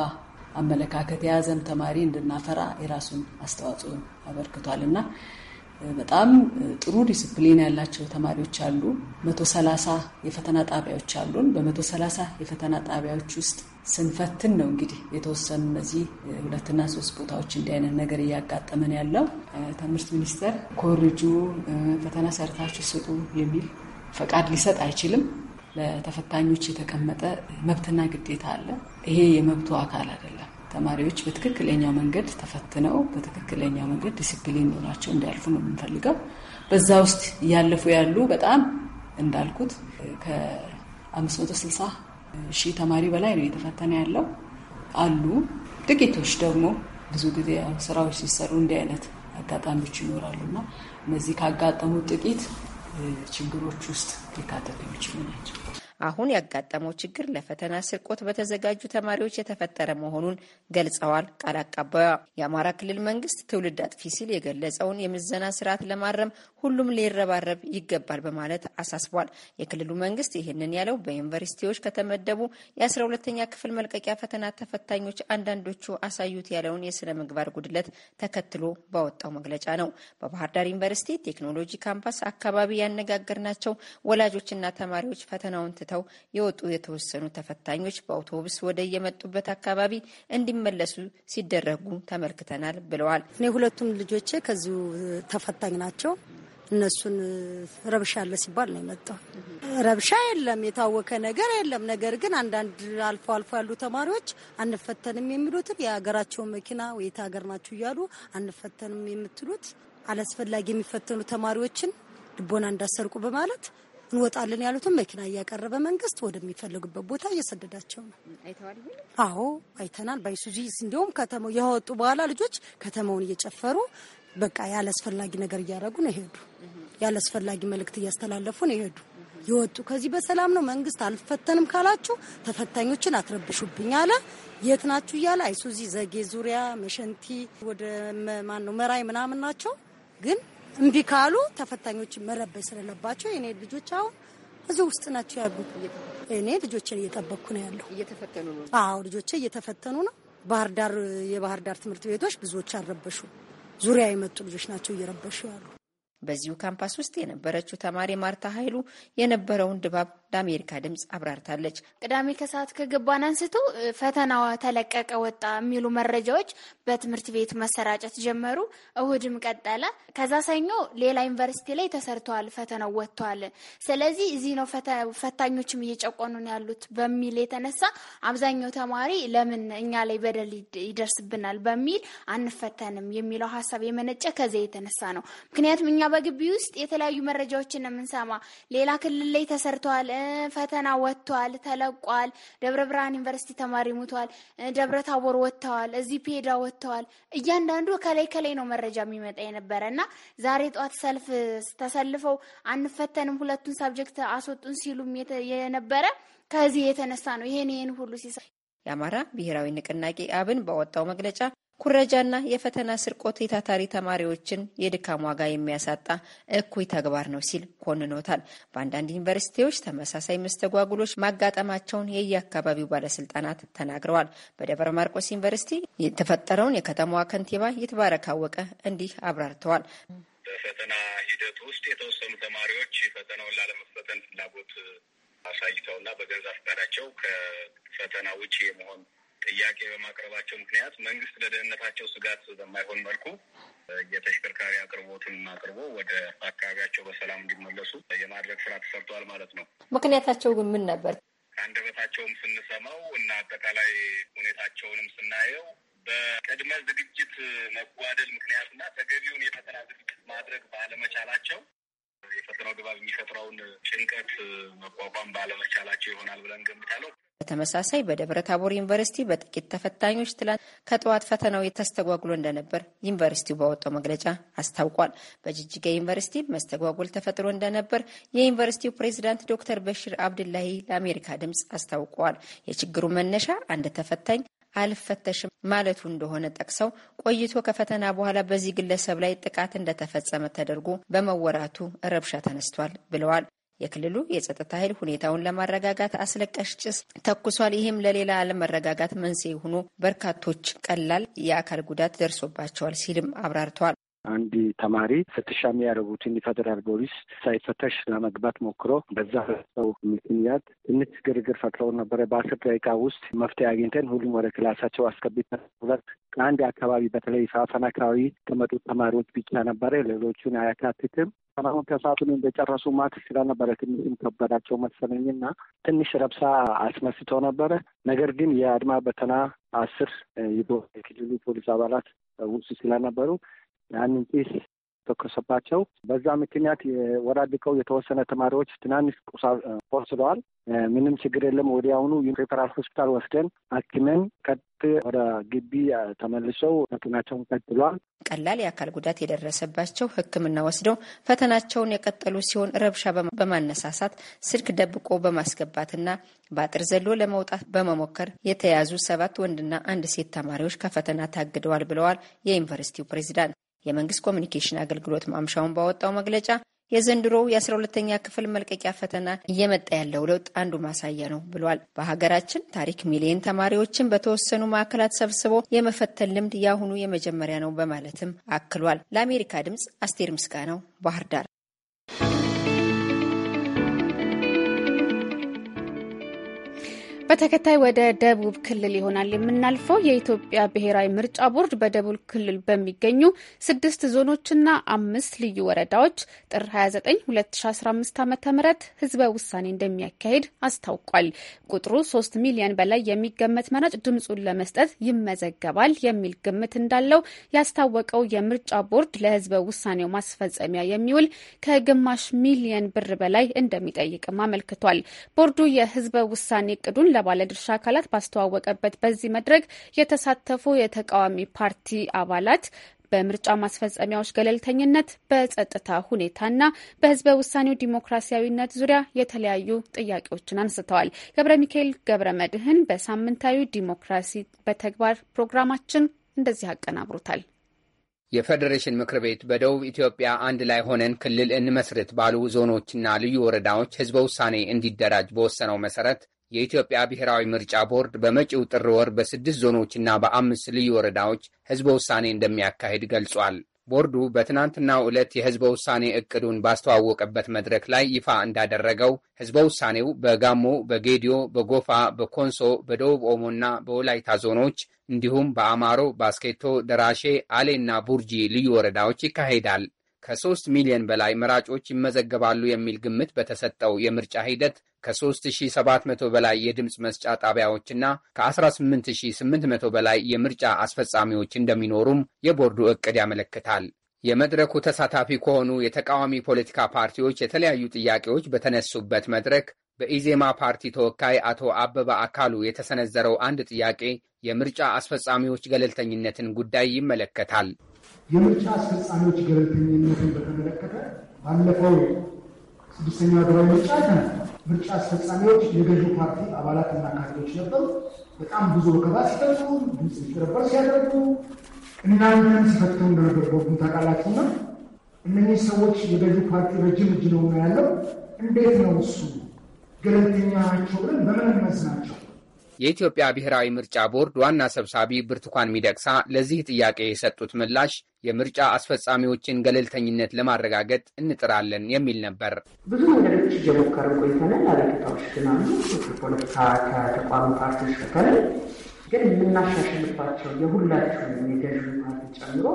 አመለካከት የያዘም ተማሪ እንድናፈራ የራሱን አስተዋጽኦ አበርክቷል እና በጣም ጥሩ ዲስፕሊን ያላቸው ተማሪዎች አሉ። መቶ ሰላሳ የፈተና ጣቢያዎች አሉን። በመቶ ሰላሳ የፈተና ጣቢያዎች ውስጥ ስንፈትን ነው እንግዲህ የተወሰኑ እነዚህ ሁለትና ሶስት ቦታዎች እንዲህ አይነት ነገር እያጋጠመን ያለው። ትምህርት ሚኒስቴር ኮርጁ ፈተና ሰርታችሁ ስጡ የሚል ፈቃድ ሊሰጥ አይችልም። ለተፈታኞች የተቀመጠ መብትና ግዴታ አለ። ይሄ የመብቱ አካል አይደለም። ተማሪዎች በትክክለኛው መንገድ ተፈትነው በትክክለኛው መንገድ ዲሲፕሊን ኖራቸው እንዲያልፉ ነው የምንፈልገው። በዛ ውስጥ እያለፉ ያሉ በጣም እንዳልኩት ከ ስልሳ ሺህ ተማሪ በላይ ነው እየተፈተነ ያለው። አሉ ጥቂቶች ደግሞ ብዙ ጊዜ ስራዎች ሲሰሩ እንዲህ አይነት አጋጣሚዎች እና እነዚህ ካጋጠሙ ጥቂት ችግሮች ውስጥ ሊካተቱ የሚችሉ ናቸው። አሁን ያጋጠመው ችግር ለፈተና ስርቆት በተዘጋጁ ተማሪዎች የተፈጠረ መሆኑን ገልጸዋል። ቃል አቀባዩ የአማራ ክልል መንግስት ትውልድ አጥፊ ሲል የገለጸውን የምዘና ስርዓት ለማረም ሁሉም ሊረባረብ ይገባል በማለት አሳስቧል። የክልሉ መንግስት ይህንን ያለው በዩኒቨርሲቲዎች ከተመደቡ የአስራ ሁለተኛ ክፍል መልቀቂያ ፈተና ተፈታኞች አንዳንዶቹ አሳዩት ያለውን የስነ ምግባር ጉድለት ተከትሎ ባወጣው መግለጫ ነው። በባህር ዳር ዩኒቨርሲቲ ቴክኖሎጂ ካምፓስ አካባቢ ያነጋገርናቸው ወላጆችና ተማሪዎች ፈተናውን ተለይተው የወጡ የተወሰኑ ተፈታኞች በአውቶቡስ ወደ የመጡበት አካባቢ እንዲመለሱ ሲደረጉ ተመልክተናል ብለዋል። እኔ ሁለቱም ልጆቼ ከዚሁ ተፈታኝ ናቸው። እነሱን ረብሻ አለ ሲባል ነው የመጣው። ረብሻ የለም፣ የታወቀ ነገር የለም። ነገር ግን አንዳንድ አልፎ አልፎ ያሉ ተማሪዎች አንፈተንም የሚሉትን የሀገራቸው መኪና ወይት ሀገር ናችሁ እያሉ አንፈተንም የምትሉት አላስፈላጊ የሚፈተኑ ተማሪዎችን ልቦና እንዳሰርቁ በማለት እንወጣለን ያሉትን መኪና እያቀረበ መንግስት ወደሚፈልጉበት ቦታ እየሰደዳቸው ነው። አዎ አይተናል። በአይሱዚ እንዲሁም ከተማው ያወጡ በኋላ ልጆች ከተማውን እየጨፈሩ በቃ ያለ ነገር እያደረጉ ነው የሄዱ። ያለ መልእክት እያስተላለፉ ነው የሄዱ የወጡ ከዚህ በሰላም ነው። መንግስት አልፈተንም ካላችሁ ተፈታኞችን አትረብሹብኝ አለ። የት ናችሁ እያለ አይሱዚ ዘጌ ዙሪያ መሸንቲ ወደ ማን ነው መራይ ምናምን ናቸው ግን እምቢ ካሉ ተፈታኞችን መረበሽ ስለለባቸው የኔ ልጆች አሁን እዚህ ውስጥ ናቸው ያሉት። እኔ ልጆችን እየጠበቅኩ ነው ያለው። እየተፈተኑ ነው። አዎ ልጆቼ እየተፈተኑ ነው። ባህር ዳር የባህር ዳር ትምህርት ቤቶች ብዙዎች አልረበሹ፣ ዙሪያ የመጡ ልጆች ናቸው እየረበሹ ያሉ። በዚሁ ካምፓስ ውስጥ የነበረችው ተማሪ ማርታ ኃይሉ የነበረውን ድባብ ለአሜሪካ ድምፅ አብራርታለች። ቅዳሜ ከሰዓት ከገባን አንስቶ ፈተናዋ ተለቀቀ ወጣ የሚሉ መረጃዎች በትምህርት ቤት መሰራጨት ጀመሩ። እሁድም ቀጠለ። ከዛ ሰኞ ሌላ ዩኒቨርሲቲ ላይ ተሰርተዋል፣ ፈተናው ወጥተዋል። ስለዚህ እዚህ ነው ፈታኞችም እየጨቆኑን ያሉት በሚል የተነሳ አብዛኛው ተማሪ ለምን እኛ ላይ በደል ይደርስብናል በሚል አንፈተንም የሚለው ሀሳብ የመነጨ ከዚያ የተነሳ ነው። ምክንያቱም እኛ በግቢ ውስጥ የተለያዩ መረጃዎችን የምንሰማ ሌላ ክልል ላይ ተሰርተዋል ፈተና ወጥቷል፣ ተለቋል። ደብረ ብርሃን ዩኒቨርሲቲ ተማሪ ሙቷል። ደብረ ታቦር ወጥተዋል፣ እዚህ ፔዳ ወጥተዋል። እያንዳንዱ ከላይ ከላይ ነው መረጃ የሚመጣ የነበረ እና ዛሬ ጠዋት ሰልፍ ተሰልፈው አንፈተንም ሁለቱን ሳብጀክት አስወጡን ሲሉም የነበረ ከዚህ የተነሳ ነው ይሄን ይሄን ሁሉ ሲሳ የአማራ ብሔራዊ ንቅናቄ አብን ባወጣው መግለጫ ኩረጃና የፈተና ስርቆት የታታሪ ተማሪዎችን የድካም ዋጋ የሚያሳጣ እኩይ ተግባር ነው ሲል ኮንኖታል። በአንዳንድ ዩኒቨርሲቲዎች ተመሳሳይ መስተጓጉሎች ማጋጠማቸውን የየአካባቢው ባለስልጣናት ተናግረዋል። በደብረ ማርቆስ ዩኒቨርሲቲ የተፈጠረውን የከተማዋ ከንቲባ ይትባረክ አወቀ እንዲህ አብራርተዋል። በፈተና ሂደት ውስጥ የተወሰኑ ተማሪዎች ፈተናውን ላለመፈተን ፍላጎት አሳይተው እና በገዛ ፈቃዳቸው ከፈተና ውጭ የመሆን ጥያቄ በማቅረባቸው ምክንያት መንግስት ለደህንነታቸው ስጋት በማይሆን መልኩ የተሽከርካሪ አቅርቦትን አቅርቦ ወደ አካባቢያቸው በሰላም እንዲመለሱ የማድረግ ስራ ተሰርተዋል ማለት ነው። ምክንያታቸው ግን ምን ነበር? ከአንደበታቸውም ስንሰማው እና አጠቃላይ ሁኔታቸውንም ስናየው በቅድመ ዝግጅት መጓደል ምክንያትና ተገቢውን የፈተና ዝግጅት ማድረግ ባለመቻላቸው አግባብ የሚፈጥረውን ጭንቀት መቋቋም ባለመቻላቸው ይሆናል ብለን ገምታለሁ። በተመሳሳይ በደብረ ታቦር ዩኒቨርሲቲ በጥቂት ተፈታኞች ትላንት ከጠዋት ፈተናው የተስተጓጉሎ እንደነበር ዩኒቨርሲቲው ባወጣው መግለጫ አስታውቋል። በጅጅጋ ዩኒቨርሲቲ መስተጓጎል ተፈጥሮ እንደነበር የዩኒቨርሲቲው ፕሬዚዳንት ዶክተር በሽር አብድላሂ ለአሜሪካ ድምፅ አስታውቀዋል። የችግሩ መነሻ አንድ ተፈታኝ አልፈተሽም ማለቱ እንደሆነ ጠቅሰው ቆይቶ ከፈተና በኋላ በዚህ ግለሰብ ላይ ጥቃት እንደተፈጸመ ተደርጎ በመወራቱ ረብሻ ተነስቷል ብለዋል። የክልሉ የጸጥታ ኃይል ሁኔታውን ለማረጋጋት አስለቃሽ ጭስ ተኩሷል። ይህም ለሌላ አለመረጋጋት መንስኤ ሆኖ በርካቶች ቀላል የአካል ጉዳት ደርሶባቸዋል ሲልም አብራርተዋል። አንድ ተማሪ ፍተሻ የሚያደርጉትን የፌዴራል ፖሊስ ሳይፈተሽ ለመግባት ሞክሮ በዛ ሰው ምክንያት ትንሽ ግርግር ፈጥረው ነበረ። በአስር ደቂቃ ውስጥ መፍትሄ አግኝተን ሁሉም ወደ ክላሳቸው አስገብተን ሁለት ከአንድ አካባቢ በተለይ ሳፈን አካባቢ ከመጡ ተማሪዎች ብቻ ነበረ። ሌሎቹን አያካትትም። አሁን ከሰዓቱን እንደጨረሱ ማት ስለነበረ ትንሽም ከበዳቸው መሰለኝ መሰለኝና ትንሽ ረብሳ አስመስቶ ነበረ። ነገር ግን የአድማ በተና አስር የክልሉ ፖሊስ አባላት ውስጥ ስለነበሩ ያንን ጢስ ተኮሰባቸው። በዛ ምክንያት ወራድቀው የተወሰነ ተማሪዎች ትናንሽ ቁሳ ቆስለዋል። ምንም ችግር የለም። ወዲያውኑ ሪፈራል ሆስፒታል ወስደን አክመን ቀጥ ወደ ግቢ ተመልሰው ፈተናቸውን ቀጥሏል። ቀላል የአካል ጉዳት የደረሰባቸው ሕክምና ወስደው ፈተናቸውን የቀጠሉ ሲሆን ረብሻ በማነሳሳት ስልክ ደብቆ በማስገባትና በአጥር ዘሎ ለመውጣት በመሞከር የተያዙ ሰባት ወንድና አንድ ሴት ተማሪዎች ከፈተና ታግደዋል ብለዋል የዩኒቨርሲቲው ፕሬዚዳንት። የመንግስት ኮሚኒኬሽን አገልግሎት ማምሻውን ባወጣው መግለጫ የዘንድሮ የ 12 ተኛ ክፍል መልቀቂያ ፈተና እየመጣ ያለው ለውጥ አንዱ ማሳያ ነው ብሏል። በሀገራችን ታሪክ ሚሊየን ተማሪዎችን በተወሰኑ ማዕከላት ሰብስቦ የመፈተን ልምድ ያሁኑ የመጀመሪያ ነው በማለትም አክሏል። ለአሜሪካ ድምፅ አስቴር ምስጋናው ባህር ዳር። በተከታይ ወደ ደቡብ ክልል ይሆናል የምናልፈው። የኢትዮጵያ ብሔራዊ ምርጫ ቦርድ በደቡብ ክልል በሚገኙ ስድስት ዞኖችና አምስት ልዩ ወረዳዎች ጥር 29 2015 ዓ ም ህዝበ ውሳኔ እንደሚያካሄድ አስታውቋል። ቁጥሩ 3 ሚሊዮን በላይ የሚገመት መራጭ ድምፁን ለመስጠት ይመዘገባል የሚል ግምት እንዳለው ያስታወቀው የምርጫ ቦርድ ለህዝበ ውሳኔው ማስፈጸሚያ የሚውል ከግማሽ ሚሊየን ብር በላይ እንደሚጠይቅም አመልክቷል። ቦርዱ የህዝበ ውሳኔ እቅዱን ለባለድርሻ አካላት ባስተዋወቀበት በዚህ መድረክ የተሳተፉ የተቃዋሚ ፓርቲ አባላት በምርጫ ማስፈጸሚያዎች ገለልተኝነት፣ በጸጥታ ሁኔታና በህዝበ ውሳኔው ዲሞክራሲያዊነት ዙሪያ የተለያዩ ጥያቄዎችን አንስተዋል። ገብረ ሚካኤል ገብረ መድህን በሳምንታዊ ዲሞክራሲ በተግባር ፕሮግራማችን እንደዚህ አቀናብሮታል። የፌዴሬሽን ምክር ቤት በደቡብ ኢትዮጵያ አንድ ላይ ሆነን ክልል እንመስርት ባሉ ዞኖችና ልዩ ወረዳዎች ህዝበ ውሳኔ እንዲደራጅ በወሰነው መሰረት የኢትዮጵያ ብሔራዊ ምርጫ ቦርድ በመጪው ጥር ወር በስድስት ዞኖችና በአምስት ልዩ ወረዳዎች ሕዝበ ውሳኔ እንደሚያካሂድ ገልጿል። ቦርዱ በትናንትናው ዕለት የሕዝበ ውሳኔ ዕቅዱን ባስተዋወቀበት መድረክ ላይ ይፋ እንዳደረገው ህዝበ ውሳኔው በጋሞ፣ በጌዲዮ፣ በጎፋ፣ በኮንሶ፣ በደቡብ ኦሞና በወላይታ ዞኖች እንዲሁም በአማሮ፣ ባስኬቶ፣ ደራሼ፣ አሌና ቡርጂ ልዩ ወረዳዎች ይካሄዳል። ከሶስት ሚሊዮን በላይ መራጮች ይመዘገባሉ የሚል ግምት በተሰጠው የምርጫ ሂደት ከ3700 በላይ የድምፅ መስጫ ጣቢያዎችና ከ18800 በላይ የምርጫ አስፈጻሚዎች እንደሚኖሩም የቦርዱ ዕቅድ ያመለክታል። የመድረኩ ተሳታፊ ከሆኑ የተቃዋሚ ፖለቲካ ፓርቲዎች የተለያዩ ጥያቄዎች በተነሱበት መድረክ በኢዜማ ፓርቲ ተወካይ አቶ አበባ አካሉ የተሰነዘረው አንድ ጥያቄ የምርጫ አስፈጻሚዎች ገለልተኝነትን ጉዳይ ይመለከታል። የምርጫ አስፈጻሚዎች ገለልተኝነትን በተመለከተ ባለፈው ስድስተኛው ሀገራዊ ምርጫ አይተናል። ምርጫ አስፈጻሚዎች የገዢው ፓርቲ አባላት እና ካድሬዎች ነበሩ። በጣም ብዙ ወከባ ሲጠጡ፣ ድምፅ ሲጭበረበር ሲያደርጉ እናንተን ሲፈትኑ እንደነበር በጉም ታውቃላችሁና እነኚህ ሰዎች የገዢው ፓርቲ ረጅም እጅ ነው ያለው። እንዴት ነው እሱ ገለልተኛ ናቸው ብለን በምን እንመዝናቸው? የኢትዮጵያ ብሔራዊ ምርጫ ቦርድ ዋና ሰብሳቢ ብርቱካን ሚደቅሳ ለዚህ ጥያቄ የሰጡት ምላሽ የምርጫ አስፈጻሚዎችን ገለልተኝነት ለማረጋገጥ እንጥራለን የሚል ነበር። ብዙ ነገሮች እየሞከርን ቆይተናል። አቤቱታዎች ግን አሉ። ፖለቲካ ከተቋሙ ፓርቲዎች በተለይ ግን የምናሻሽልባቸው የሁላችሁም የገዥ ፓርቲ ጨምሮ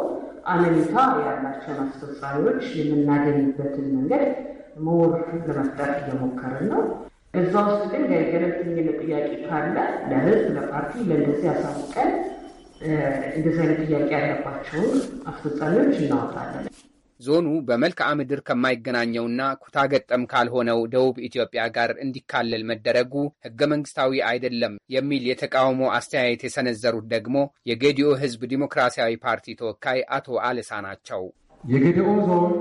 አመኔታ ያላቸውን አስፈጻሚዎች የምናገኝበትን መንገድ መወር ለመፍጠር እየሞከርን ነው። እዛ ውስጥ ግን ገለልተኝነት ጥያቄ ካለ ለህዝብ፣ ለፓርቲ፣ ለእንደዚህ አሳውቀን እንደዚህ አይነት ጥያቄ ያለባቸውን አስፈጻሚዎች እናወጣለን። ዞኑ በመልክዓ ምድር ከማይገናኘውና ኩታ ገጠም ካልሆነው ደቡብ ኢትዮጵያ ጋር እንዲካለል መደረጉ ህገ መንግስታዊ አይደለም የሚል የተቃውሞ አስተያየት የሰነዘሩት ደግሞ የጌዲኦ ህዝብ ዲሞክራሲያዊ ፓርቲ ተወካይ አቶ አለሳ ናቸው። የጌዲኦ ዞን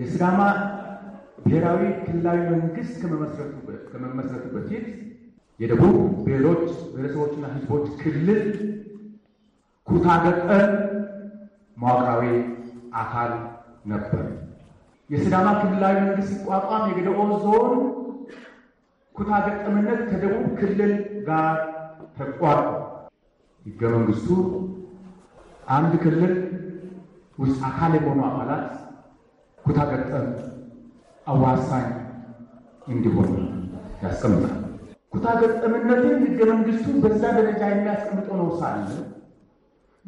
የስዳማ ብሔራዊ ክልላዊ መንግስት ከመመስረቱ በፊት የደቡብ ብሔሮች ብሔረሰቦችና ህዝቦች ክልል ኩታ ገጠም መዋቅራዊ አካል ነበር። የስዳማ ክልላዊ መንግስት ሲቋቋም የገደኦ ዞን ኩታ ገጠምነት ከደቡብ ክልል ጋር ተቋርጧል። ህገ መንግስቱ አንድ ክልል ውስጥ አካል የሆኑ አካላት ኩታ ገጠም አዋሳኝ እንዲሆን ያስቀምጣል። ኩታ ገጠምነትን ህገ መንግስቱ በዛ ደረጃ የሚያስቀምጠው ነው ሳለ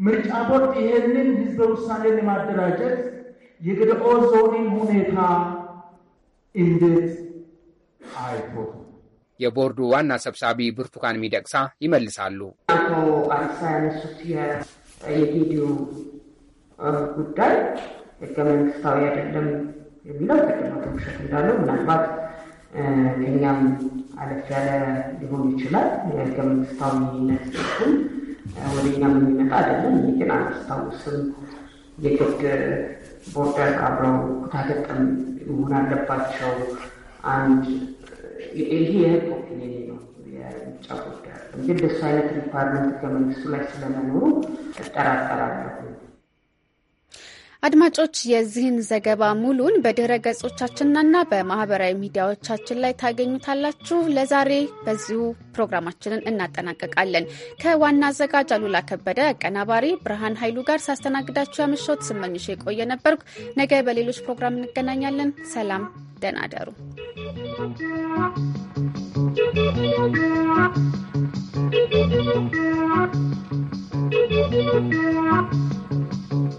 ምርጫ ቦርድ ይሄንን ህዝበ ውሳኔ ለማደራጀት የገደኦ ዞንን ሁኔታ እንዴት አይቶ የቦርዱ ዋና ሰብሳቢ ብርቱካን ሚደቅሳ ይመልሳሉ። አቶ አዲስ ያነሱት የጌዲዮ ጉዳይ ህገ መንግስታዊ አይደለም የሚለው ተቀማጠ ውሸት እንዳለው ምናልባት ከኛም አለፍ ያለ ሊሆን ይችላል። የህገ መንግስታዊነት ስም ወደ እኛም የሚመጣ አይደለም። ይህ ግን አናስታውስም። የግድ ቦርደር አብረው ኩታገጠም መሆን አለባቸው። አንድ ይሄ የህግ ኦፒኒን ነው። የምርጫ ቦርደር ግን ደሱ አይነት ሪኳርመንት ህገ መንግስቱ ላይ ስለመኖሩ እጠራጠራለሁ። አድማጮች የዚህን ዘገባ ሙሉን በድረ ገጾቻችንና በማህበራዊ ሚዲያዎቻችን ላይ ታገኙታላችሁ። ለዛሬ በዚሁ ፕሮግራማችንን እናጠናቀቃለን። ከዋና አዘጋጅ አሉላ ከበደ፣ አቀናባሪ ብርሃን ኃይሉ ጋር ሳስተናግዳችሁ ያመሾት ስመኝሽ የቆየ ነበርኩ። ነገ በሌሎች ፕሮግራም እንገናኛለን። ሰላም፣ ደህና አደሩ።